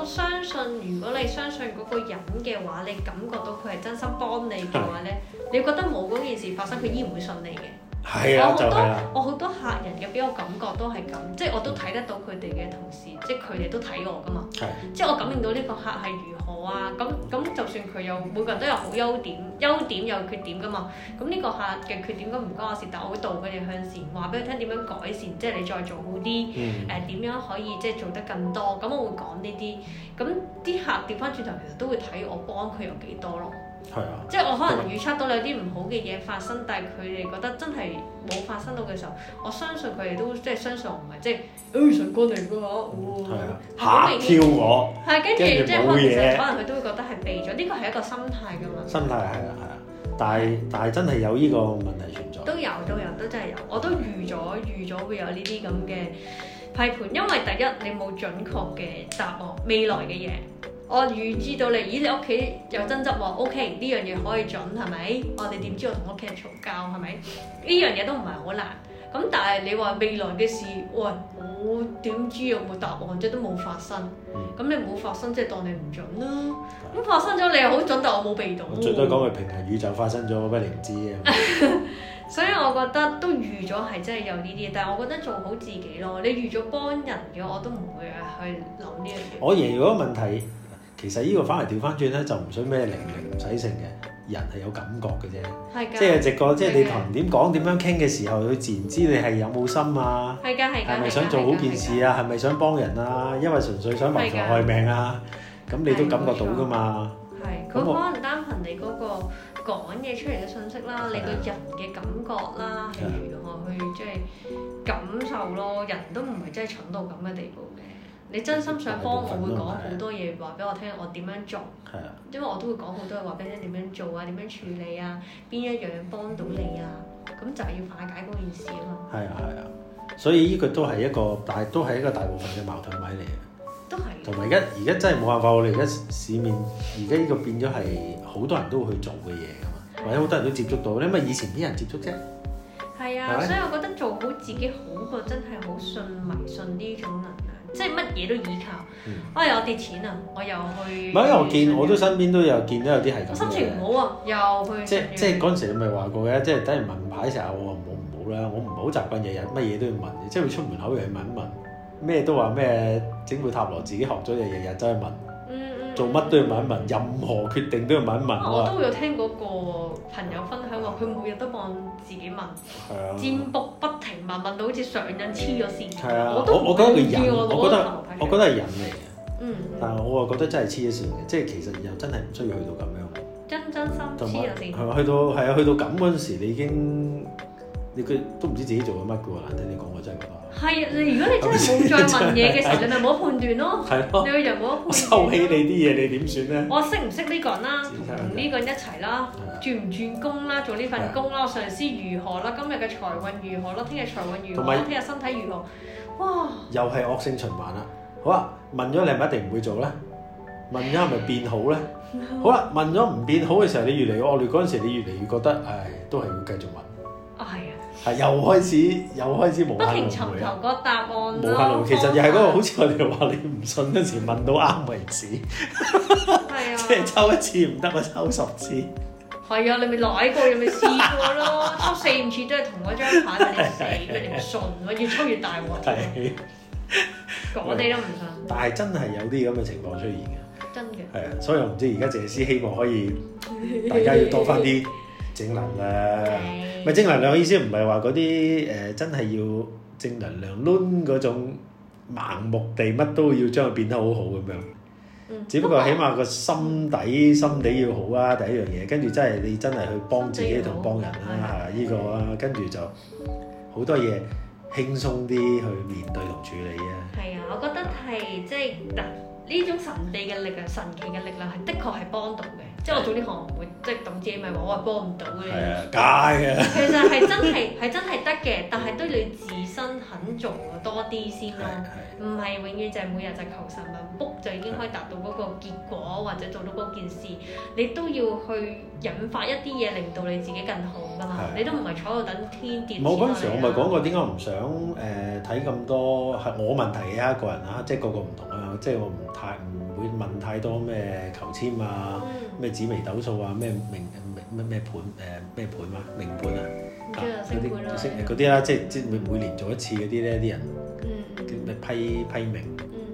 我相信，如果你相信嗰個人嘅話，你感覺到佢係真心幫你嘅話呢，你覺得冇嗰件事發生，佢依然會信你嘅。係啊，我好多、就係啊、我好多客人嘅俾我感覺都係咁，即係我都睇得到佢哋嘅同事，即係佢哋都睇我噶嘛。啊、即係我感應到呢個客係如何啊？咁咁就算佢有每個人都有好優點，優點有缺點噶嘛。咁呢個客嘅缺點都唔關我事，但我會導佢哋向善，話俾佢聽點樣改善，即係你再做好啲。嗯。誒點樣可以即係做得更多？咁我會講呢啲。咁啲客調翻轉頭其實都會睇我幫佢有幾多咯。係啊，即係我可能預測到有啲唔好嘅嘢發生，啊、但係佢哋覺得真係冇發生到嘅時候，我相信佢哋都即係相信我唔係即係吹水過嚟嘅我，係啊，嚇跳我，係跟住即係可能其實可能佢都會覺得係避咗，呢個係一個心態㗎嘛，心態係啊，係啊，但係但係真係有呢個問題存在。都有都有都真係有，我都預咗預咗會有呢啲咁嘅批判，因為第一你冇準確嘅答案，未來嘅嘢。我預知到你，咦？你屋企有爭執喎？O K，呢樣嘢可以準係咪？啊？我哋點知我同屋企人嘈交係咪？呢樣嘢都唔係好難。咁但係你話未來嘅事，喂，我點知有冇答案？即都冇發生。咁、嗯、你冇發生，即係當你唔準啦。咁發生咗，你又好準，但我冇備到。最多講係平行宇宙發生咗，乜你唔知啊？ 所以我覺得都預咗係真係有呢啲嘢。但係我覺得做好自己咯。你預咗幫人嘅，我都唔會、啊、去諗呢樣嘢。我如果有問題。其實呢個反嚟調翻轉咧，就唔使咩零零唔使剩嘅，人係有感覺嘅啫。係㗎，即係直覺，即係你同人點講、點樣傾嘅時候，佢自然知你係有冇心啊。係㗎，係㗎。係咪想做好件事啊？係咪想幫人啊？因為純粹想謀財害命啊？咁你都感覺到㗎嘛？係，佢可能單憑你嗰個講嘢出嚟嘅信息啦，你個人嘅感覺啦，譬如我去即係感受咯，人都唔係真係蠢到咁嘅地步。你真心想幫我，會講好多嘢話俾我聽，我點樣做？係啊、因為我都會講好多嘢話俾你聽，點樣做啊？點樣處理啊？邊一樣幫到你、嗯、解解啊？咁就係要化解嗰件事啊嘛。係啊係啊，所以呢個都係一,一個大，都係一個大部分嘅矛盾位嚟嘅。都係是。同埋而家，而家喂真係冇辦法，我哋而家市面而家呢個變咗係好多人都會去做嘅嘢㗎嘛， 或者好多人都接觸到，你咪以前啲人接觸啫。係啊，吧所以我覺得做好自己好過真係好信迷信呢種啦。即係乜嘢都依靠，啊有跌錢啊，我又去。唔係，因為我見去我都身邊都有見到有啲係咁。心情唔好啊，又去。即去即係嗰陣時你咪話過嘅，即係等於問牌時候，我話唔好唔好啦，我唔好習慣日日乜嘢都要問嘅，即係出門口又要問一問，咩都話咩，整部塔羅自己學咗又日日走去問。問嗯嗯、做乜都要問一問，任何決定都要問一問。我都有聽嗰個朋友分享話，佢每日都幫自己問。佔卜不。的 問問到好似上癮黐咗線，我都唔建議我攞男朋友我覺得係人嚟嘅，嗯，但係我又覺得真係黐咗線嘅，即係其實又真係唔需要去到咁樣。真真心黐咗線。係去到係啊，去到咁嗰陣時，你已經你佢都唔知自己做緊乜嘅喎，難聽啲講話真係咁話。係，你如果你真係冇再問嘢嘅時候，你咪冇判斷咯。係咯，你又冇判斷咯。收起你啲嘢，你點算咧？我識唔識呢個人啦？同呢個人一齊啦。轉唔轉工啦，啊？做呢份工啦，啊？上司如何啦？今日嘅財運如何啦？聽日財運如何？聽日有身體如何？哇！又係惡性循環啦。好啊，問咗你係咪一定唔會做咧？問咗係咪變好咧？好啦，啊，問咗唔變好嘅時候，你越嚟越惡劣嗰陣時，你越嚟越覺得，唉，都係要繼續問。係啊。係、啊、又開始，又開始，又開始無限不，不停尋求個答案。無限輪迴，其實又係嗰個，好似我哋話你唔信嗰陣時，問到啱為止。係 啊。即係 抽一次唔得，咪抽十次。係啊，你咪嚟過又咪試過咯， 抽四五次都係同一張牌，你死咩？你唔信，我 的越抽越大鑊，我哋的都唔信。但係真係有啲咁嘅情況出現嘅，真嘅。係啊，所以我唔知，而家謝師希望可以大家要多翻啲正，、啊、 的正能量啦。咪、呃、正能量，我意思唔係話嗰啲誒真係要正能量攣嗰種盲目地乜都要將佢變得好好咁樣。只不過起碼個心底、心底要好啊，第一樣嘢。跟住真係你真係去幫自己同幫人啦，係啊對，依、這個啊。跟住對就好多嘢輕鬆啲去面對同處理啊。係啊，我覺得係即係呢種神秘嘅力量、神奇嘅力量係的確係幫到嘅。即係、啊、我做呢行唔會，即係董姐咪話我係幫唔到嘅。係啊，假嘅、啊。其實係真係係 真係得嘅，但係對你自身肯做多啲先咯。對唔係永遠就係每日就求神問卜就已經可以達到嗰個結果的或者做到嗰件事，的你都要去引發一啲嘢令到你自己更好噶嘛。你都唔係坐喺度等天跌錢，冇嗰陣時，我咪講過點解唔想誒睇咁多係我問題嘅一個人啊，即係個個唔同啊，即係我唔太唔會問太多咩求籤啊，咩、嗯、紫微斗數啊，咩名咩咩盤誒咩、呃、盤啊，命盤啊，嗰啲嗰啲啊，啊啊啊即係即係每每年做一次啲咧啲人。批批評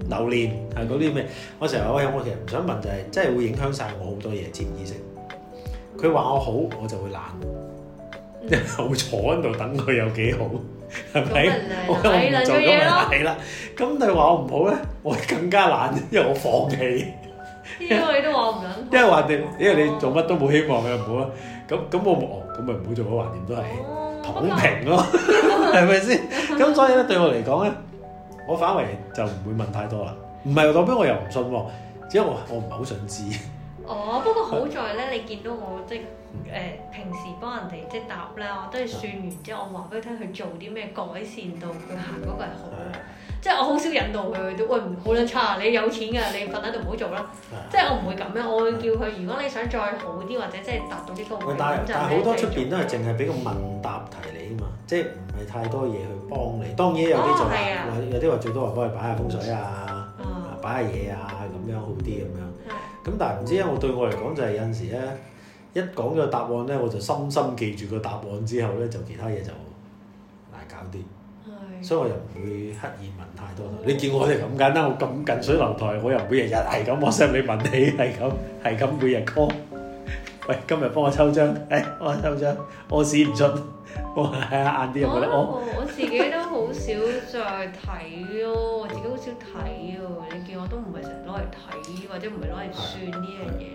留念係嗰啲咩？我成日我我其實唔想問就係、是，真係會影響晒我好多嘢潛意識。佢話我好，我就會懶，即係、嗯、會坐喺度等佢有幾好，係咪？我唔做嘢咯，係啦。咁你話我唔好咧，我更加懶，因為我放棄。因為都話唔 因為橫掂，因為你做乜都冇希望嘅，唔好啦。咁咁我咁咪唔好做咯。橫掂都係躺平咯，係咪先？咁所以咧，對我嚟講咧。我反為就唔會問太多啦，唔係，代表我又唔信喎、啊，只係我唔係好想知。哦，不過好在咧，你見到我即係誒、呃、平時幫人哋即係答啦，我都係算完之後，嗯、我話俾佢聽佢做啲咩改善到佢行嗰個係好、嗯嗯、即係我好少引導佢。喂，好撚差，你有錢㗎，你瞓喺度唔好做啦。嗯嗯、即係我唔會咁樣，我會叫佢，如果你想再好啲或者即係達到啲高目標，但係好多出邊都係淨係俾個問答題你。即係唔係太多嘢去幫你，當然有啲就話，啊啊、有啲話最多話幫你擺下風水啊，擺下嘢啊，咁、啊、樣好啲咁樣。咁的但係唔知，我對我嚟講就係有陣時咧，一講咗答案咧，我就深深記住個答案之後咧，就其他嘢就難搞啲。的所以我又唔會刻意問太多。的你見我哋咁簡單，我咁近水樓台，我又每日日係咁 WhatsApp 你問你係咁，係咁每日 call。今日幫我抽張，誒、哎，我抽張，oh，我屎唔出，我睇下硬啲。我我自己都好少再睇咯、哦， 我自己好少睇喎、哦。你見我都唔係成日攞嚟睇，或者唔係攞嚟算呢樣嘢。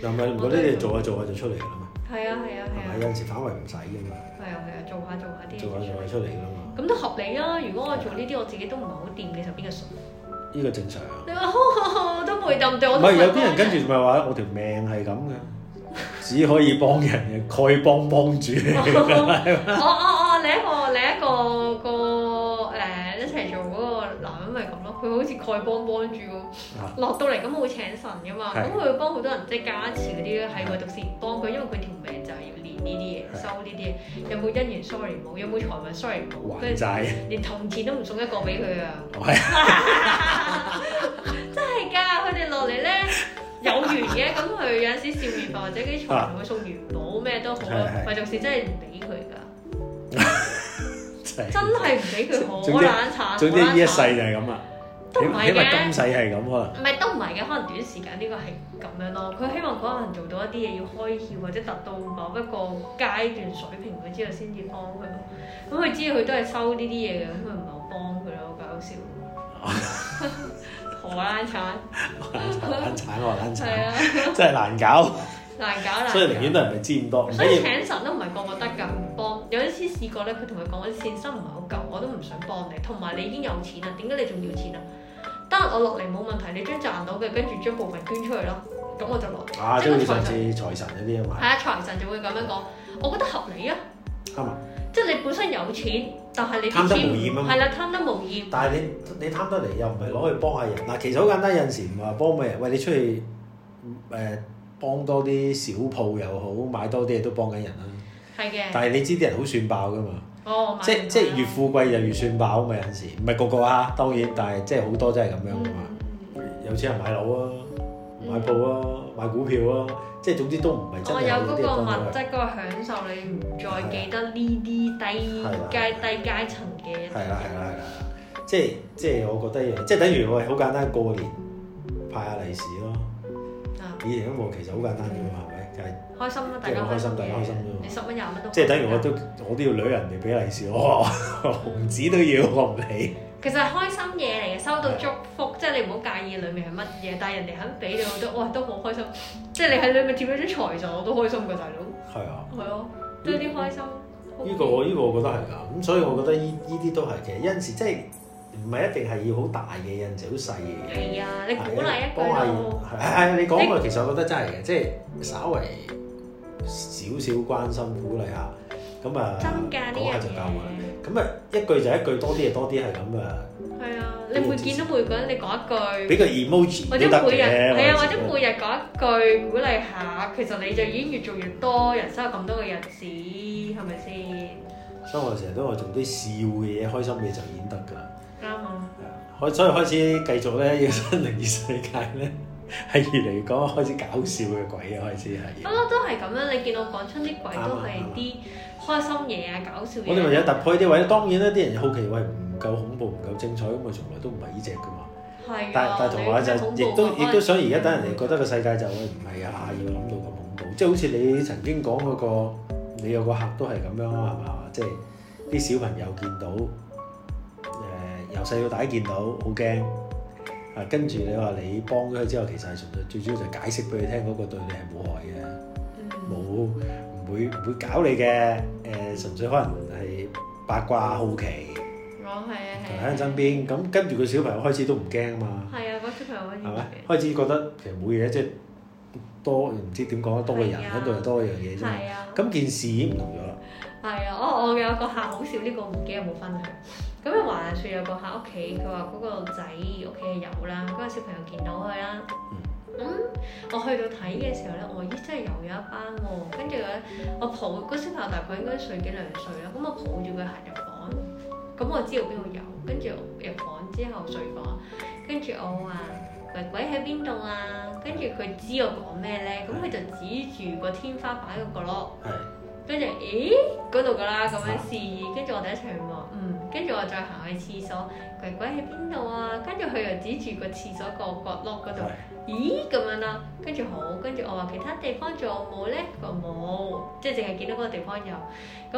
又唔覺得你做下做下就出嚟啦嘛。係啊係啊係啊！啊啊有陣時反而唔使噶嘛。係啊係啊，啊，做下做下啲。做下做下出嚟噶嘛。咁都合理啊！如果我做呢啲，我自己都唔係好掂，嘅。你係邊個數？呢個正常。你話、哦、都唔會抌掉。唔係有啲人跟住咪話我條命係咁嘅。只可以幫人嘅丐幫幫主哦哦哦，你、哦哦、一個你一個個誒一齊做嗰個男人，嗱、呃，因為咁咯，佢好似丐幫幫主，落到嚟咁會請神嘅嘛，咁佢、啊嗯、會幫好多人，即係加持嗰啲咧，係為獨善幫佢，因為佢條命就係要練呢啲嘢，收呢啲嘢，有冇姻緣？Sorry，冇；有冇財運？Sorry，冇。啊、還債，連銅錢都唔送一個俾佢啊！真係㗎，佢哋落嚟咧。有緣嘅，咁佢有陣時笑完或者啲財會送元寶咩都好啦，費仲事真係唔俾佢噶， 真係唔俾佢好冷殘。 總之，總之一世就係咁都唔係嘅。起碼今世係咁啊？唔係都唔係嘅，可能短時間呢個係咁樣咯。佢希望佢可能做到一啲嘢要開竅或者達到某一個階段水平，佢之後先至幫佢。咁佢知佢都係收呢啲嘢嘅，咁佢唔係好幫佢咯，好搞笑。 我攔產，攔產，攔產，我攔 對啊， 真係難,難,難搞，難搞難。所以寧願都係咪係知咁多。以所以請神都唔係個個得㗎，幫有一次試過咧，佢同佢講：我啲善心唔係好夠，我都唔想幫你。同埋你已經有錢啦，點解你仲要錢啊？等我落嚟冇問題，你將賺到嘅跟住將部分捐出去咯，咁我就落嚟。啊！即係你上次財神嗰啲啊嘛。係啊，財神就會咁樣講，我覺得合理啊。啱啊！有錢，但係你貪得無厭啊嘛，係啦，貪得無厭。但係你你貪得嚟又唔係攞去幫下人嗱，其實好簡單，有陣時唔係話幫咩，人，喂，你出去誒、呃、幫多啲小鋪又好，買多啲嘢都幫緊人啦。係嘅的。但係你知啲人好算爆噶嘛？哦，買唔、啊、即即係越富貴就越算爆啊嘛！有陣時唔係個個啊，當然，但係即係好多真係咁樣啊。嗯、有錢人買樓啊，買鋪啊，嗯、買股票啊。即係總之都唔係真我有嗰個物質嗰個享受，你唔再記得呢啲低階低階層嘅嘢。係啦係啦係啦。即係即係我覺得嘢，即係等於我係好簡單過年派下利是咯。以前都其實好簡單嘅喎，係咪？就係開心咯，大家開心，大家開心啫，你十蚊廿蚊都即係等於我都我都要攞人哋俾利是，我紅紙都要，我唔理。其實係開心嘢嚟嘅，收到祝福，即係你唔好介意裡面係乜嘢，但係人哋肯俾你，我都哇都好開心。即係你喺裏面貼一張財神，我都開心㗎，大佬。係啊。係啊，都有啲開心。呢個我呢個我覺得係㗎，咁所以我覺得呢呢啲都係嘅。有陣時即係唔係一定係要好大嘅，有陣時好細嘅。係啊，你鼓勵一句喎。係你講過其實我覺得真係嘅，即係稍微少少關心鼓勵下。咁啊，講下就夠啦。咁啊，一句就一句，多啲就多啲，係咁啊。係啊，你每見到每個人，你講一句。俾個 emoji 都得嘅。或者每日係啊，或者每日講一句鼓勵下，其實你就已經越做越多，人生有咁多嘅日子，係咪先？所以我成日都係做啲笑嘅嘢，開心嘅就已經得㗎啦。啱啊。開所以開始繼續咧，要新靈異世界咧，係越嚟越講開始搞笑嘅鬼，開始係。不嬲都係咁樣，你見我講出啲鬼都係啲開心嘢啊，搞笑嘢！我哋咪有突破啲位，當然啦，啲人好奇，喂，唔夠恐怖，唔夠精彩，咁咪從來都唔係呢隻㗎嘛。係的。但但同埋就亦、是、都亦都想，而家等人哋覺得個世界就唔、是、係啊，要諗到咁恐怖。嗯、即係好似你曾經講嗰、那個，你有個客都係咁樣啊，係嘛、嗯？即係啲小朋友見到，誒、呃，由細到大見到好驚啊，跟住你話你幫咗佢之後，其實係純粹最主要就解釋俾佢聽嗰個對你係無害嘅，冇、嗯。嗯會唔會搞你嘅，誒、呃，純粹可能係八卦好奇。我係、哦、啊。同喺人身邊，咁、啊、跟住個小朋友開始都唔驚啊嘛。係啊，個小朋友開始。係咪？開始覺得其實冇嘢，即係多唔知點講多個人，喺度又多一樣嘢啫嘛。係啊。咁、啊、件事已經唔同咗啦。係啊，我我有一個客好笑呢個唔記，記 有冇分享。咁又話説有個客屋企，佢話嗰個仔屋企有啦，嗰、那個小朋友見到佢啦。嗯嗯，我去到睇嘅時候咧，我咦真係又有一班喎、哦，跟住咧我抱嗰小朋友，大概應該歲幾兩歲啦，咁我抱住佢行入房，咁我知道邊度有，跟住入房之後睡房，跟住我話喂，鬼喺邊度啊？跟住佢知我講咩咧，咁佢就指住個天花板個角落，跟住咦嗰度噶啦咁樣示意，跟住我哋一齊望，嗯，跟住我再行去廁所。鬼鬼喺邊度啊？跟住佢又指住個廁所個角落嗰度，是咦咁樣啦、啊。跟住好，跟住我話其他地方仲有冇咧？佢冇，即係淨係見到嗰個地方有。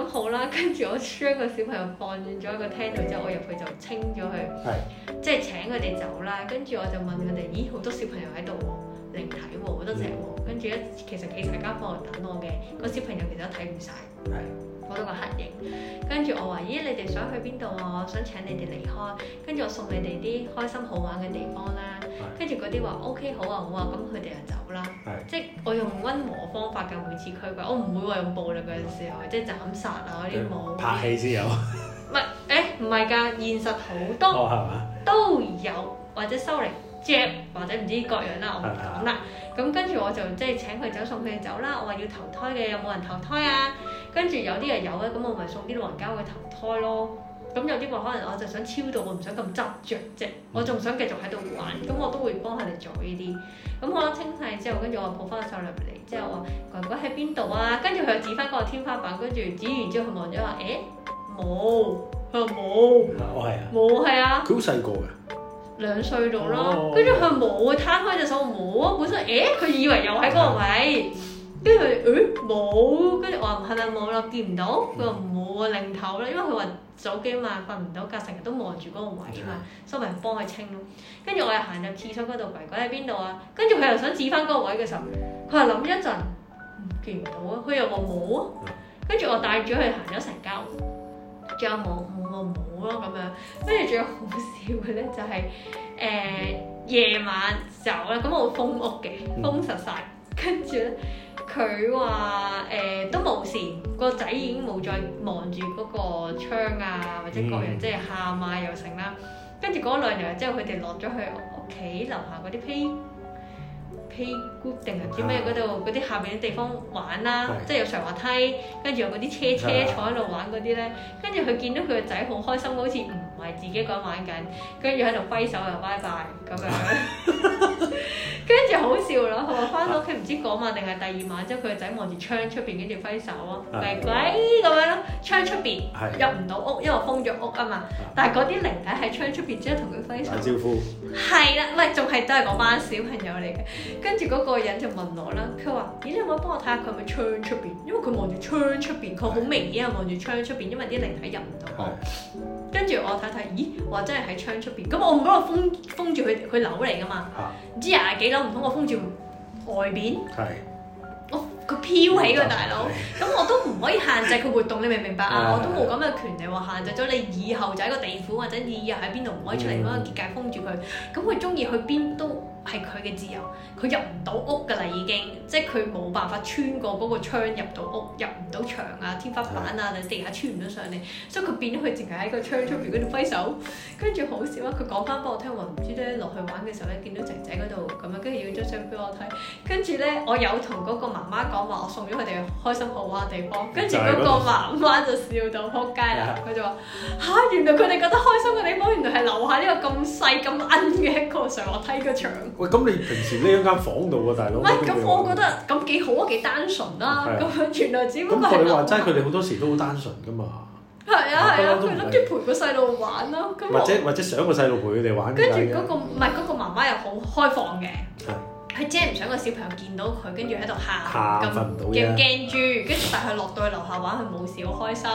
咁好啦、啊，跟住我將個小朋友放咗喺個廳度是之後，我入去就清咗佢，是即係請佢哋走啦。跟住我就問佢哋，嗯、咦好多小朋友喺度喎，靈體喎好多隻喎、啊。跟住咧，其實幾成間房係等我嘅，個小朋友其實都睇唔曬。是好多個黑影，跟住我話：咦，你哋想去邊度啊？我想請你哋離開，跟住我送你哋啲開心好玩嘅地方啦。跟住嗰啲話：OK，好啊，好啊。咁佢哋就走啦。的即係我用溫和方法嘅每次驅鬼，我唔會話用暴力嘅時候，的即係斬殺啊嗰啲冇拍戲先有。唔係，誒唔係㗎，現實好多、哦、都有或者收嚟錫或者唔知各樣啦。我唔講啦。咁跟住我就即係請佢走，送佢哋走啦。我話要投胎嘅有冇人投胎啊？跟住有啲人有呀，咁我咪送啲老人家去投胎咯。咁有啲話可能我就想超度，我唔想咁執着啫，我仲想繼續喺度玩，咁我都會幫佢哋做呢啲。咁我清曬之後，跟住我抱翻個手入嚟，之後我話哥哥喺邊度啊？跟住佢又指翻嗰個天花板，跟住指完之後佢望住話：，誒、欸、冇，佢話冇，冇係啊。佢好細個嘅，兩歲到啦。哦、跟住佢冇，攤開隻手冇。本身誒，佢、欸、以為又喺嗰個位。跟住佢，誒冇。跟住我話係咪冇咯？見唔到？佢話冇啊，擰頭啦。因為佢話早幾晚嘛，瞓唔到覺，成日都望住嗰個位啊嘛，所以咪幫佢清咯。跟住我係行到廁所嗰度，櫃鬼喺邊度啊？跟住佢又想指翻嗰個位嘅時候，佢話諗一陣、嗯，見唔到啊。佢又話冇啊。跟住我帶住佢行咗成間屋，仲有冇？冇，我冇咯咁樣。跟住仲有好笑嘅咧、就係，就係誒夜晚走啦，咁我封屋嘅，封實晒。跟住咧。佢話誒都冇事，個仔已經冇再望住個窗啊，或者個、嗯啊、人即係喊啊又成啦。跟住過咗兩日之後，佢哋落咗去屋企樓下啲 pay pay good 定係唔知咩度啲下邊啲地方玩啦，啊、即係有上滑梯，跟住有啲車車坐喺度玩啲咧。跟住佢見到佢個仔好開心，好似唔～唔係自己講玩緊，跟住喺度揮手又拜拜。e 咁樣，跟住 好笑啦！佢話返到屋企唔知嗰晚定係第二晚，之後佢個仔望住窗出邊，跟住揮手啊， 鬼鬼咁樣咯，窗出邊的入唔到屋，因為封咗屋啊嘛。但係嗰啲靈體喺窗出邊，之後同佢揮手打招呼，係啦，唔係仲係都係嗰班小朋友嚟嘅。跟住嗰個人就問我啦，佢話：咦、哎，你可唔可以幫我睇下佢係咪窗出邊？因為佢望住窗出邊，佢好明顯係望住窗出邊，因為啲靈體入唔到。的的跟住我睇。睇，咦，哇！真係喺窗出邊咁，我唔嗰個封封住佢佢樓嚟㗎嘛？唔、啊、知廿幾樓唔通我封住外邊？係是哦，佢飄起個 大佬，咁我都唔可以限制佢活動，你明唔明白啊？ 我都冇咁嘅權利話限制咗你以後就喺一個地府，或者你又喺邊度唔可以出嚟，嗰個、嗯、結界封住佢，咁佢中意去邊都。係佢嘅自由，佢入唔到屋㗎啦，已經，即係佢冇辦法穿過嗰個窗入到屋，入唔到牆啊、天花板啊，定地下穿唔到上嚟，所以佢變咗佢淨係喺個窗出面嗰度揮手，跟住好笑啊！佢講翻俾我聽話，唔知得落去玩嘅時候咧，見到仔仔嗰度咁樣，跟住要張相俾我睇，跟住咧我有同嗰個媽媽講話，我送咗佢哋開心好玩嘅地方，跟住嗰個媽媽就笑到撲街啦，佢就話嚇、啊，原來佢哋覺得開心嘅地方，原來係樓下呢個咁細咁奀嘅一個上落梯嘅牆。喂，咁你平時匿喺間房度啊大佬。唔係，咁我覺得咁幾好啊，幾單純啦。咁樣原來只不過。咁你話齋係佢哋好多時都好單純噶嘛？係啊係啊，佢諗住陪個細路玩啦。或者或者想個細路陪佢哋玩。跟住嗰個唔係嗰個媽媽又好開放嘅。係。佢真唔想個小朋友見到佢，跟住喺度喊咁唔到驚住，跟住帶佢落到去樓下玩，佢冇事好開心。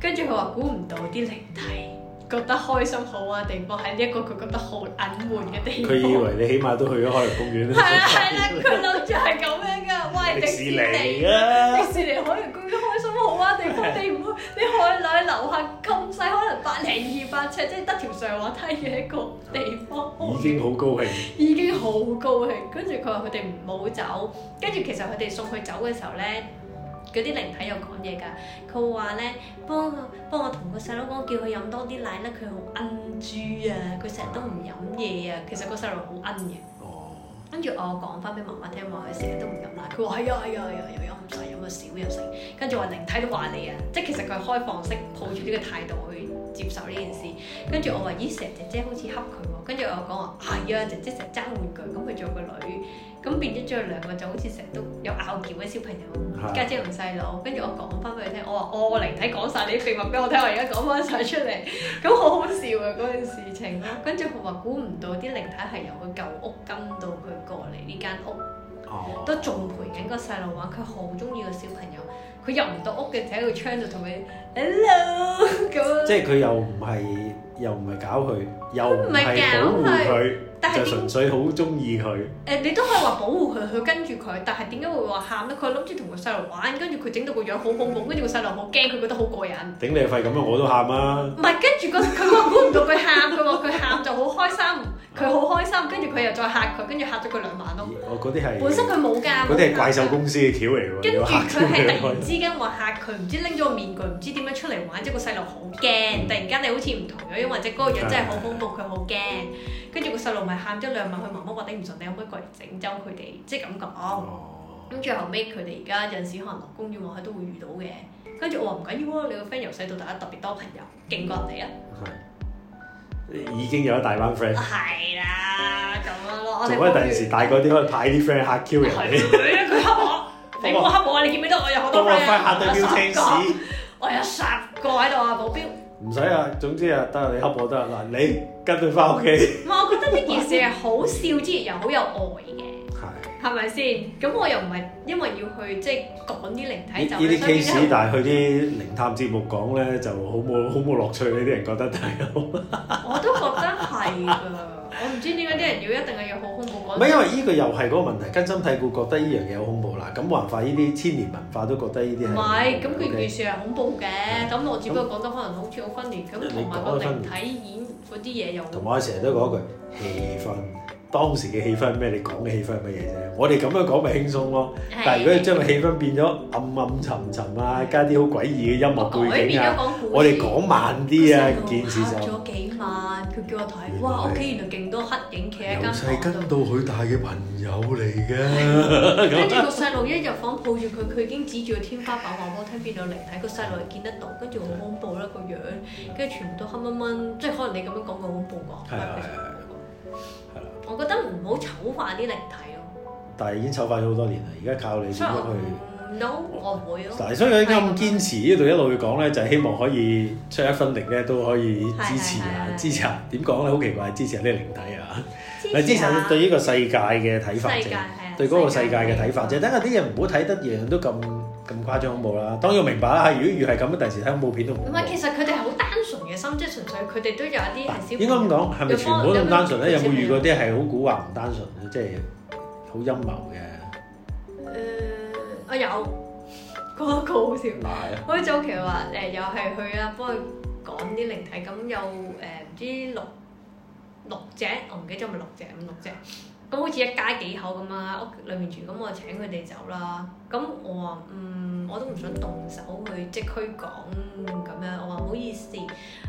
跟住佢話估唔到啲靈體覺得開心好啊，地方喺呢一個佢覺得好隱瞞嘅地方。佢以為你起碼都去咗海洋公園咧。係啊係啊，佢諗住係咁樣㗎，迪士尼啊，迪士尼海洋公園開心好啊，地方你唔去，你喺樓下咁細，可能百零二百尺，即係得條上滑梯嘅一個地方。已經好高興。 已經好高興，跟住佢話佢哋冇走，跟住其實佢哋送佢走嘅時候咧。嗰啲靈體又講嘢㗎，佢話咧，幫幫我同個細佬講，叫佢飲多啲奶啦，佢好恩豬啊，佢成日都唔飲嘢啊，其實個細路好恩嘅。哦。跟住我講翻俾媽媽聽話，佢成日都唔飲奶，佢話係啊係啊係啊，啊啊啊啊啊又飲唔曬，飲個少又食。」跟住話靈體都話你啊，即係其實佢開放式抱住呢個態度去接受呢件事，跟住我話，咦，成日姐姐好似恰佢喎，跟住我講話係啊，姐姐成日爭玩具，咁佢做個女。咁變咗最後兩個就好似成日都有拗撬嘅小朋友，家姐同細佬。跟住我講，我翻俾佢聽，我話、oh，我個靈體講晒啲秘密俾我聽，我而家講翻晒出嚟。咁、好好笑嘅嗰件事情咯。跟住佢話估唔到啲靈體係由佢舊屋跟到佢過嚟呢間屋，都仲、oh。陪緊個細路玩。佢好中意個小朋友，佢入唔到屋嘅，就喺個窗度同佢 hello 咁。即係佢又唔係又唔係搞佢，又唔係搞佢。但就純粹好中意佢。誒、呃，你都可以話保護佢，佢跟住佢。但係點解會話喊咧？佢諗住同個細路玩，跟住佢整到個樣好恐怖，跟住個細路好驚，佢覺得好過癮。頂你肺咁樣，我都喊啊！唔係，跟住佢話估唔到佢喊，佢話佢喊就好開心，佢好開心，跟住佢又再嚇佢，跟住嚇咗佢兩晚咯。哦、啊，嗰啲係。本身佢冇㗎。嗰啲係怪獸公司條橋嚟喎。跟住佢係突然之間話嚇佢，唔知拎咗個面具，唔知點樣出嚟玩，即係個細路好驚。嗯、突然間你好似唔同咗，或者嗰個樣真係好恐怖，佢好驚。跟住個細路咪喊咗兩晚，佢媽媽話頂唔順，你可唔可以過嚟整走佢哋，即係咁講。跟、哦、住、嗯、後尾，佢哋而家有陣時可能落公園喎佢都會遇到嘅。跟住我話唔緊要喎，你個 friend 由細到大家特別多朋友，勁過人哋啊、嗯嗯！已經有一大班 friend。係啦，咁 咯樂。做咩？第時大個啲 可以派啲 friend 嚇 Q 人哋。佢嚇 我，你冇唔記得我有好多 friend？幫我揮嚇對表情史，我有十個喺度啊！保鏢。唔使啊，總之啊，得你嚇我得啦。嗱，你跟佢翻屋企。 淨係好笑之餘，又好有愛嘅。係，係咪先？咁我又唔係因為要去即係講啲靈體。呢啲 case，但係佢啲靈探節目講咧就好冇好冇樂趣，呢啲 人覺得，係。 我都覺得係㗎，我唔知點解啲人要一定係要好恐怖講。唔係因為呢個又係嗰個問題，根深蒂固覺得呢樣嘢好恐怖啦。咁冇辦法，呢啲千年文化都覺得呢啲係。唔係，咁佢嘅算事係恐怖嘅。咁我只不過講得可能好似好分裂，咁同埋嗰靈體演嗰啲嘢又。同埋成日都講一句氣氛。 當時嘅氣氛係咩？你講嘅氣氛係乜嘢啫？我哋咁樣講咪輕鬆咯。的但係如果你將個氣氛變咗暗暗沉沉啊，的加啲好詭異嘅音樂背景啊，我哋講慢啲啊，件事、啊、就咗幾晚，佢叫我睇，哇！屋企原來勁多黑影企喺間房由細跟到佢大嘅朋友嚟㗎。跟住的 個細路一入房抱住佢，佢已經指住個天花板話，我聽邊有靈體睇個細路見得到。跟住好恐怖啦、啊，個樣，跟住全部都黑掹掹，即係可能你咁樣講個恐怖㗎。啊係啊。的係啦，我覺得唔好醜化啲靈體咯。但係已經醜化咗好多年啦，而家靠你點樣去？唔到，我唔會咯。但係所以佢咁堅持呢度一路去講咧，就係、是、希望可以出一分力咧，都可以支持啊，是的是的支持啊。點講咧？好奇怪，支持下啲靈體啊，嚟支持下， 支持下 對呢個世界嘅睇法啫，對嗰個世界嘅睇法啫。就等下啲嘢唔好睇得樣樣都咁。咁誇張恐怖啦！當然我明白啦，如果遇係咁，第時睇恐怖片都唔好。其實佢哋係好單純嘅心，即係純粹佢哋都有啲係小朋友。應該咁講，係咪全部都咁單純咧？有冇遇過啲係好古惑唔單純，即係好陰謀嘅。誒、呃，我有講一個好笑嘅，我早期話誒，又係去啊幫佢趕啲靈體，咁又誒唔知六六隻，我唔記得咗咪六隻定六隻，咁好似一家幾口咁啊屋裏面住，咁我請佢哋走啦。咁我話嗯，我都唔想動手去即係驅趕咁樣，我話唔好意思，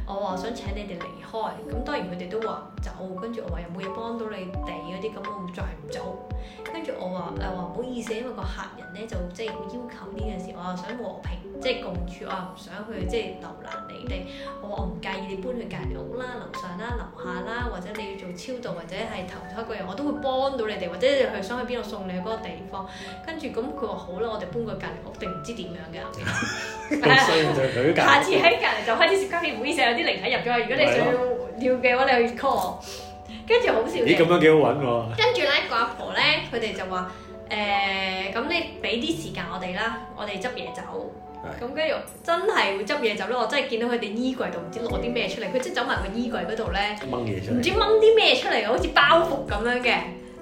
我話想請你哋離開。咁當然佢哋都話唔走，跟住我話又冇嘢幫到你哋嗰啲，咁我再唔走。跟住我話誒話唔好意思，因為個客人咧就即係要求呢件事，我又想和平即係共處，我又唔想去即係留難你哋。我話我唔介意你搬去隔離屋啦、樓上啦、樓下啦，或者你要做超度，或者係投胎嗰人，我都會幫到你哋，或者你去想去邊度送你去嗰個地方。跟住咁佢話。好啦，我哋搬過隔籬屋定唔知點樣㗎。 下次喺隔籬就開始接交，唔好意思，有啲靈體入咗。如果你想要料嘅話，你去。 call。跟住好笑嘅。咦，咁樣幾好揾喎？跟住咧個阿婆咧，佢哋就話：誒、呃，咁你俾啲時間我哋啦，我哋執嘢走。咁跟住真係會執嘢走咯。我真係見到佢哋衣櫃度唔知攞啲咩出嚟。佢即係走埋個衣櫃嗰度咧，掹嘢唔知掹啲咩出嚟，好似包袱咁樣嘅。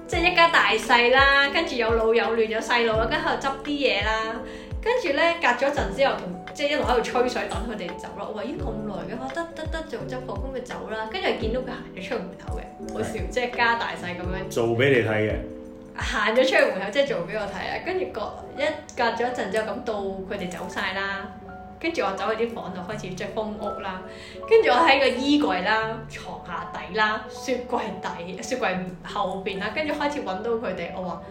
即係一家大細啦，跟住有老有嫩有細路啦，跟喺度執啲嘢啦，跟住咧隔咗陣之後同即係一路喺度吹水等佢哋走咯。我話咦咁耐嘅，我得得得做執貨，咁咪走啦。跟住見到佢行咗出去門口嘅，好笑，即係一家大細咁樣做俾你睇嘅，行咗的出去門口即係做俾我睇啊。跟住個一隔咗一陣之後，咁到佢哋走晒啦。跟住我走去啲房度開始裝封屋啦，跟住我喺個衣櫃啦、床下底啦、雪櫃底、雪櫃後邊啦，跟住開始揾到佢哋，我話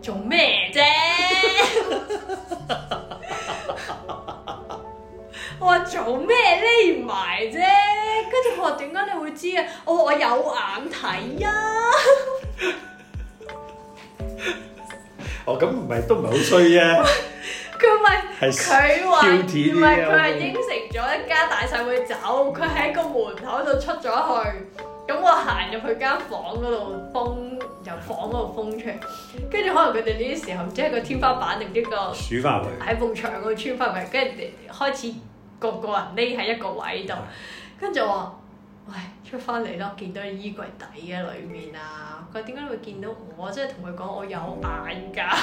做咩啫？ 我話做咩匿埋啫？跟住我話點解你會知啊？我話我有眼睇啊！ 」 哦，咁唔係都唔係好衰啫。 佢唔係佢話，唔係佢係應承咗一家大細會走，佢喺 個門口度出咗去。咁我行入去間房嗰度封，由房嗰度封窗。跟住可能佢哋呢啲時候唔知係個天花板，定唔知個喺埲 牆嗰度穿返嚟，跟住開始個個人匿喺一個位度。跟住我話：喂！出翻嚟囉，見到衣櫃底嘅裏面啊！佢點解會見到我？即係同佢講我有眼㗎。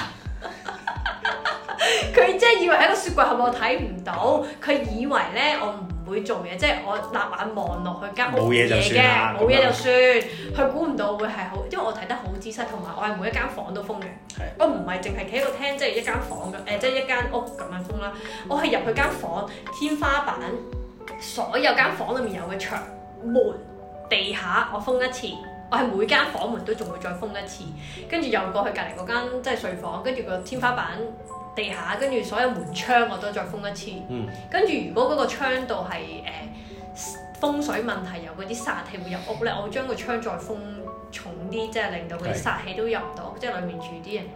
佢即係以為喺個雪櫃後我睇唔到，佢以為咧我唔會做嘢，即係我立眼望落去間屋冇嘢嘅，冇嘢就，就算。佢估唔到會係好，因為我睇得好仔細，同埋我係每一間房都封嘅。的我唔係淨係企喺個廳，即、就、係、是、一間房嘅誒，即、呃、係、就是、一間屋咁、哦、樣封啦。我係入去間房，天花板所有間房裡面有個牆門。地下我封一次，我係每間房門都仲會再封一次，跟住又過去隔籬嗰間即係睡房，跟住個天花板、地下，跟住所有門窗我都再封一次。嗯。跟住如果嗰個窗度係誒風水問題，有嗰啲煞氣會入屋咧，我會將個窗再封重啲，即係令到嗰啲煞氣都入唔到、嗯、即係裏面住啲人。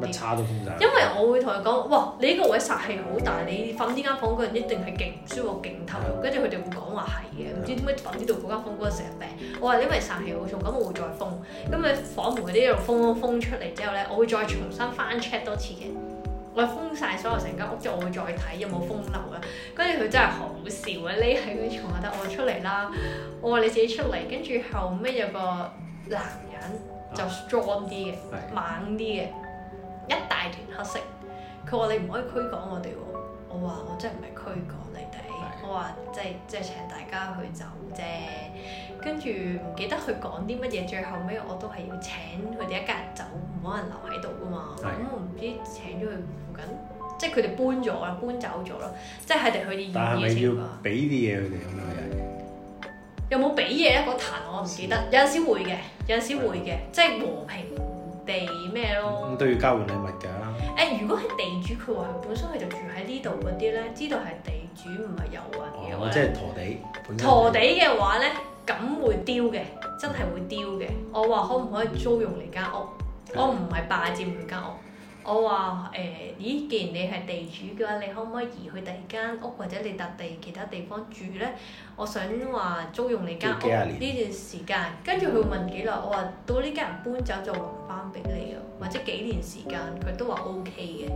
乜差到咁大？因為我會同佢講，哇！你呢個位煞氣好大，你瞓呢間房嗰人一定係勁唔舒服、勁頭痛。跟住佢哋會講話係嘅，唔知點解瞓呢度嗰間房嗰成日病。我話因為煞氣好重，咁我會再封。咁嘅房門嗰啲一路封封出嚟之後咧，我會再重新翻 check 多次嘅。我封晒所有成間屋之後，我會再睇有冇風流啊。跟住佢真係好笑嘅，你喺佢度仲冇得我出嚟啦。我話你自己出嚟，跟住後尾有個男人就 strong 啲嘅，猛啲嘅。一大團黑色，佢話你唔可以驅趕我哋喎，我話我真係唔係驅趕你哋，的我話即係即係請大家去走啫，跟住唔記得佢講啲乜嘢，最後尾我都係要請佢哋一家人走，唔可能留喺度噶嘛，咁的、嗯、我唔知請咗佢附近，即係佢哋搬咗啦，搬走咗啦，即係佢哋去完呢個，但係咪要俾啲嘢佢哋咁樣有冇俾嘢咧？個壇我唔記得，事有陣時會嘅，有陣時會嘅，即係的和平。地咩咯？咁、嗯、都要交換禮物㗎。誒、欸，如果係地，地主，佢話佢本身佢就住喺呢度嗰啲咧，知道係地主唔係遊民。哦，啊、即係陀地。本陀地嘅話咧，咁會丟嘅，真係會丟嘅。我話可唔可以租用你間屋？嗯、我唔係霸佔佢間屋。的我話誒，咦、欸，既然你係地主嘅話，你可唔可以移去第二間屋，或者你笪地其他地方住呢？我想話租用你間屋呢段時間，跟住佢會問幾耐。我話到呢家人搬走就還翻俾你啊，或者幾年時間，佢都話 O K 嘅。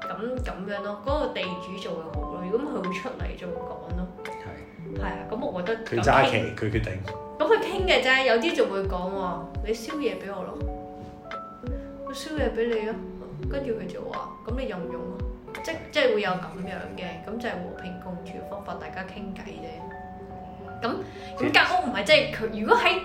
咁咁樣咯，嗰、那個地主就會好咯。如果佢出嚟就會講咯，係係啊，咁我覺得佢揸旗，佢決定。咁佢傾嘅啫，有啲就會講你燒嘢俾我咯，我燒嘢俾你咯。跟住佢就話：咁你用唔用啊？即即係會有咁樣嘅，咁就係和平共處嘅方法，大家傾偈啫。咁咁間屋唔係即係佢，如果喺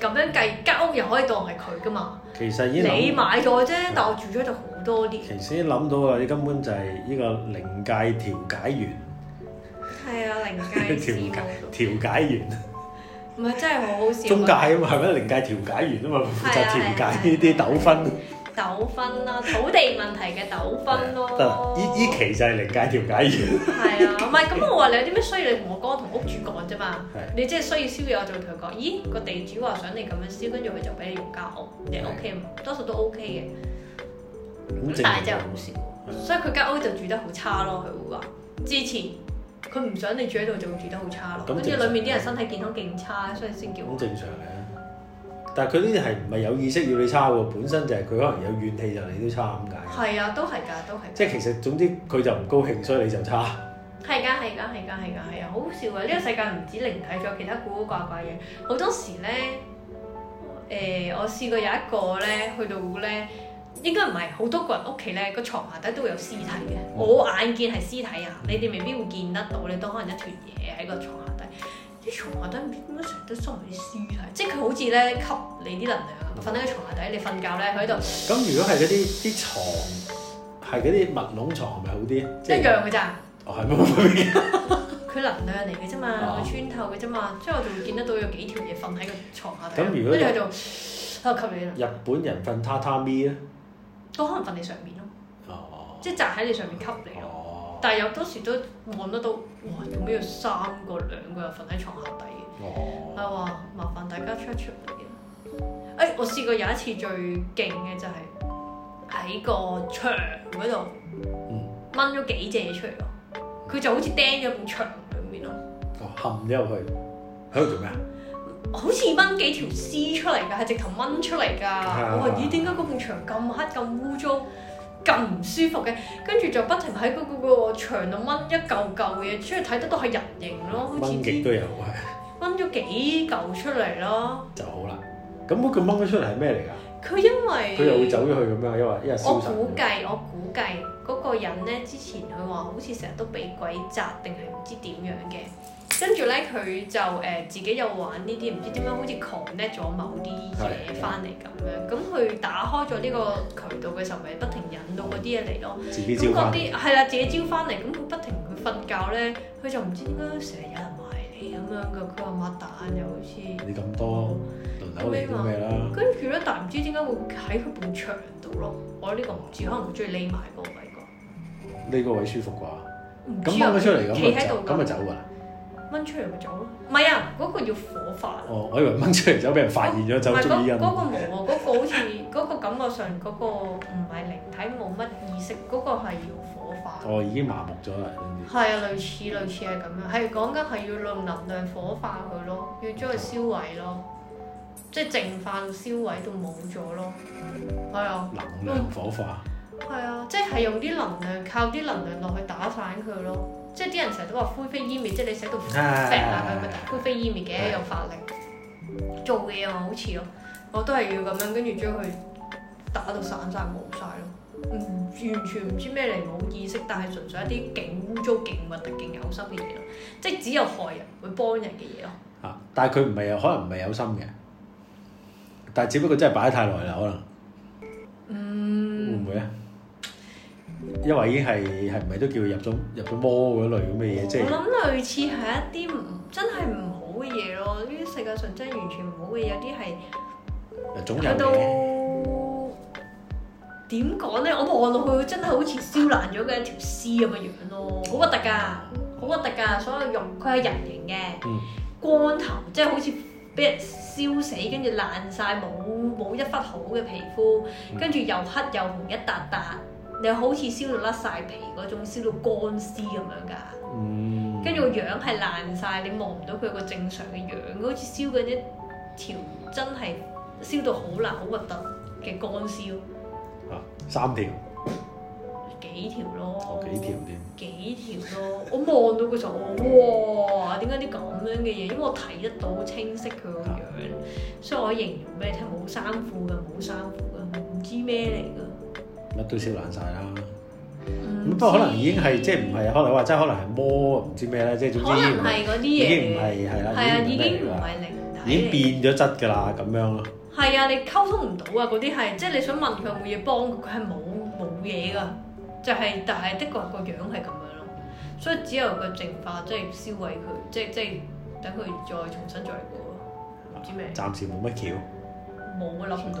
誒咁樣計，間屋又可以當係佢噶嘛？其實已經你買咗啫，但我住咗就好多啲。其實諗到啊，你根本就係呢個靈界調解員。係啊、 嗯，靈界調解調解員。唔 係真係好好笑。中介啊嘛，係咪靈界調解員啊嘛？嗎負責調解呢啲糾紛。 糾紛啦，土地問題嘅糾紛咯。呢依期就係靈界調解員。係啊，唔係咁我話你有啲咩需要，你同我哥同屋主講啫嘛。你即係需要燒嘢，我就會同佢講。咦，個地主話想你咁樣燒，跟住佢就俾你用間屋，亦 OK，多數都 OK 嘅。咁但係真係好少，所以佢間屋就住得好差咯。佢會話之前佢唔想你住喺度，就會住得好差咯。跟住裡面啲人身體健康勁差，所以先叫。好正常嘅。但係佢呢啲係唔係有意識要你抄喎，本身就係佢可能有怨氣就你都抄咁解。係啊，都係㗎，都係。即係其實總之佢就唔高興，所以你就抄。係㗎，係㗎，係㗎，係㗎，係啊，好笑啊！呢個世界唔止靈體，仲有其他古古怪怪嘢。好多時咧，誒，我試過有一個咧，去到咧，應該唔係好多個人屋企咧，個床下底都會有屍體嘅。嗯，我眼見係屍體啊，你哋未必會見得到，你都可能一團嘢喺個床下底。床下底，點解成日都收埋啲屍體，即係佢好似咧吸你啲能量瞓喺個床下底，你瞓覺咧，佢喺度。咁如果係嗰啲啲牀，係嗰啲密籠床，係咪好啲？一樣噶咋。啊、哦，係咩？佢 能量嚟嘅啫嘛，佢穿透嘅啫嘛，啊、即係我就會見得到有幾條嘢瞓喺個床下底，跟住佢就喺度吸你嘅能量。日本人瞓榻榻米咧，都可能瞓你上面咯。哦、啊，即係擲喺你上面吸你咯。啊、但係有多時都望得到。哇！咁都要三個兩個又瞓喺床下底嘅，係話、哦啊、麻煩大家出一出嚟。誒、哎，我試過有一次最勁嘅就係喺個牆嗰度掹咗幾隻嘢出嚟咯。佢、嗯、就好似釘咗埲牆裏面咯。哦，冚咗入去，喺度做咩啊？好似掹幾條絲出嚟㗎，係直頭掹出嚟㗎。啊、我話咦，點解嗰埲牆咁黑咁污糟？咁唔舒服嘅，跟住就不停喺嗰個牆度掹一嚿嚿嘢，出去睇得到係人形咯，好似掹極都有啊！掹 咗幾嚿出嚟咯， 就好啦。咁佢掹咗出嚟係咩嚟噶？佢因為佢又會走咗去咁樣，因為因為我估計，我估計嗰個人咧之前佢話好似成日都俾鬼紮，定係唔知點樣嘅。跟住咧，佢就誒、呃、自己又玩呢啲，唔知點樣好似狂擸咗某啲嘢翻嚟咁樣。咁佢打開咗呢個渠道嘅時候，咪不停引到嗰啲嘢嚟咯。自己招翻嚟，係啦，自己招翻嚟，咁佢不停去瞓覺咧，佢就唔知點解成日有人埋你咁樣㗎。佢話：乜蛋又好似你咁多輪流嚟，跟住咧，但唔知點解會喺佢埲牆度咯。我呢個唔知，可能鍾意匿埋嗰個位，這個匿個位舒服啩。唔知喎，啊。咁揼咗出嚟咁，咪走㗎掹出嚟咪走咯，唔係啊，嗰、嗰個要火化。哦，我以為掹出嚟就俾人發現咗、啊、就唔係嗰個冇喎，嗰 個好似嗰、嗰個感覺上嗰個唔係靈體冇乜意識，嗰、嗰個係要火化。哦，已經麻木咗啦，總之。係啊，類似類似係咁樣，係講緊係要用能量火化佢咯，要將佢燒毀咯，即係淨化到燒毀到冇咗咯。係啊，能量火化。係、嗯、啊，即係用啲能量，靠啲能量落去打散佢咯。即係啲人成日都話灰飛煙滅，即係你寫到闢啊，佢咪、哎哎哎哎、灰飛煙滅嘅有法力哎哎做嘅嘢好似咯，我都係要咁樣，跟住將佢打到散晒，冇晒咯，嗯，完全唔知咩嚟，冇意識，但係純粹一啲勁污糟、勁核突、勁有心嘅嘢咯，即係只有害人、會幫人嘅嘢咯。啊！但係佢唔係啊，可能唔係有心嘅，但係只不過真係擺得太耐啦，可能。嗯，會唔會啊？因為已經係係唔係都叫入咗入咗魔嗰類咁嘅嘢？即係我諗類似係一啲唔真係唔好嘅嘢咯。呢啲世界上真係完全唔好嘅，有啲係。總有嘅。點講咧？我望落去，真係好似燒爛咗嘅一條屍咁嘅樣咯，好核突㗎，好核突㗎。所有肉佢係人形嘅，嗯、光頭，即係好似俾人燒死，跟住爛晒，冇冇一忽好嘅皮膚，跟住、嗯、又黑又紅一笪笪。你好似燒到甩晒皮嗰種，燒到乾屍咁樣㗎。嗯，跟住個樣係爛晒，你望唔到佢有個正常嘅樣，好似燒緊一條真係燒到好爛、好核突嘅乾燒、啊。三條？幾條咯？哦，幾條添？幾條咯，我望到佢時候，我哇，點解啲咁樣嘅嘢？因為我睇得到清晰佢個樣，啊、所以我形容俾你聽，冇衫褲㗎，冇衫褲㗎，唔知咩嚟㗎。都燒爛晒啦！咁不過可能已經係、嗯、即係唔係可能話真係可能係魔唔知咩咧，即係總之已經唔係係啦，的的已經唔係靈體，已經變咗質㗎啦咁樣咯。係啊，你溝通唔到啊！嗰啲係即係你想問佢有冇嘢幫佢，佢係冇冇嘢㗎，就係、是、但係的確個樣係咁樣咯。所以只有個淨化，即係燒毀佢，即係即係等佢再重新再過。唔知咩、啊？暫時冇乜橋，冇諗唔到。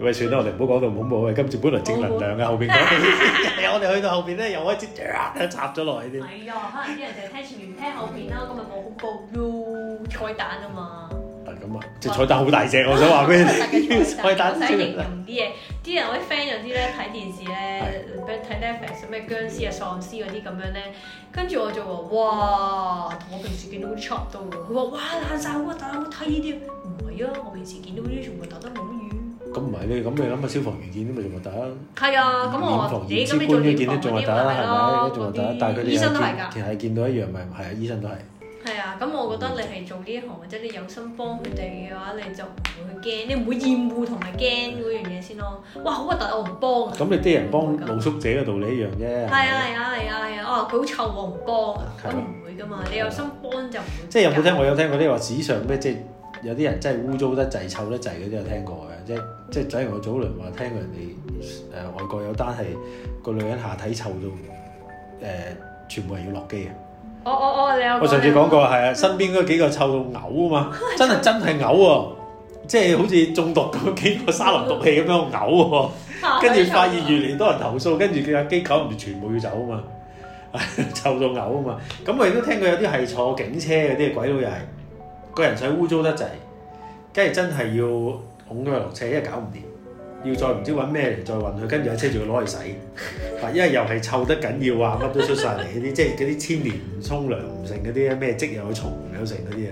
喂，算啦，我哋唔好講到恐怖嘅。今次本來正能量嘅，後邊講到，我哋去到後邊咧，又開始突然間插咗落去。係啊，可能啲人就聽前邊，聽後邊啦，咁咪冇恐怖咯。彩蛋啊嘛，咁啊，隻彩蛋好大隻，我想話俾你聽，可以打啲形容啲嘢。啲人我啲 friend 有啲咧睇電視咧，睇 Netflix 咩殭屍啊、喪屍嗰啲咁樣咧，跟住我就話：哇，同我平時見到啲差唔多喎。佢話：哇，慘曬喎，但係我睇呢啲唔係啊，我平時見到啲全部打得明。咁唔係咧，咁你諗下消防員見啲咪仲核突？係啊，咁我消防員見都仲核突，係咪？仲核突？但係佢哋醫生都係㗎，其實見到一樣，咪係啊？醫生都係。係啊，咁我覺得你係做呢一行或者你有心幫佢哋嘅話，你就唔會驚，你唔會厭惡同埋驚嗰樣嘢先咯。哇！好核突，我唔幫。咁你啲人幫露宿者嘅道理一樣啫。係啊係啊係啊係啊！哦，佢好臭，我唔幫，都唔會噶嘛。你有心幫就唔會。即係有冇聽？我有聽過啲話史上咩即係。有啲人真係污糟得滯、臭得滯，嗰啲有聽過嘅，即係即係早我早輪話聽過人哋誒、呃、外國有單係個女人下體臭到誒、呃，全部人要落機啊！我我我，你有我上次講過係啊，身邊嗰幾個臭到嘔啊嘛， 真係真係嘔喎、哦，即係好似中毒咁幾個沙林毒氣咁樣嘔喎、哦， 跟住發現越嚟多人投訴，跟住佢架機搞唔住全部要走啊嘛， 臭到嘔啊嘛，咁我亦都聽過有啲係坐警車嗰啲鬼佬又係。個人使污糟得滯，跟住真係要拱㧬佢落車，因為搞唔掂，要再唔知揾咩嚟再運佢，跟住架車仲要攞去洗。啊，因為又係臭得緊要啊，乜都出晒嚟，啲即係嗰啲千年唔沖涼唔剩嗰啲咩積有蟲有剩嗰啲啊，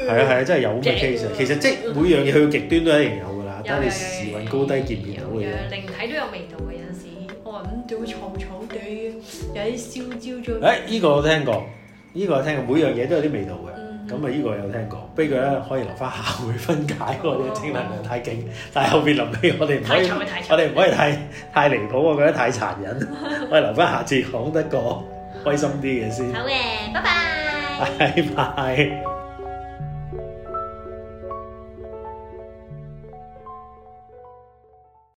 係啊係啊，真係有咁嘅 case。其實即每樣嘢去到極端都一定有㗎啦，睇 你時運高低見唔見到嘅。靈體都有味道嘅，有陣時，我話唔少草草地，有啲燒焦咗。呢依個我聽過，呢、呢個我聽過，每樣嘢都有啲味道嘅。咁啊，呢、嗯、個有聽過，不過咧可以留翻下回分解，我哋嘅正能量太勁。嗯、但後面臨尾，我哋唔可以，太太我哋唔可以睇太， 太離譜，我覺得太殘忍。我哋 留翻下次講得個開心啲嘅先。好嘅，拜拜。拜拜。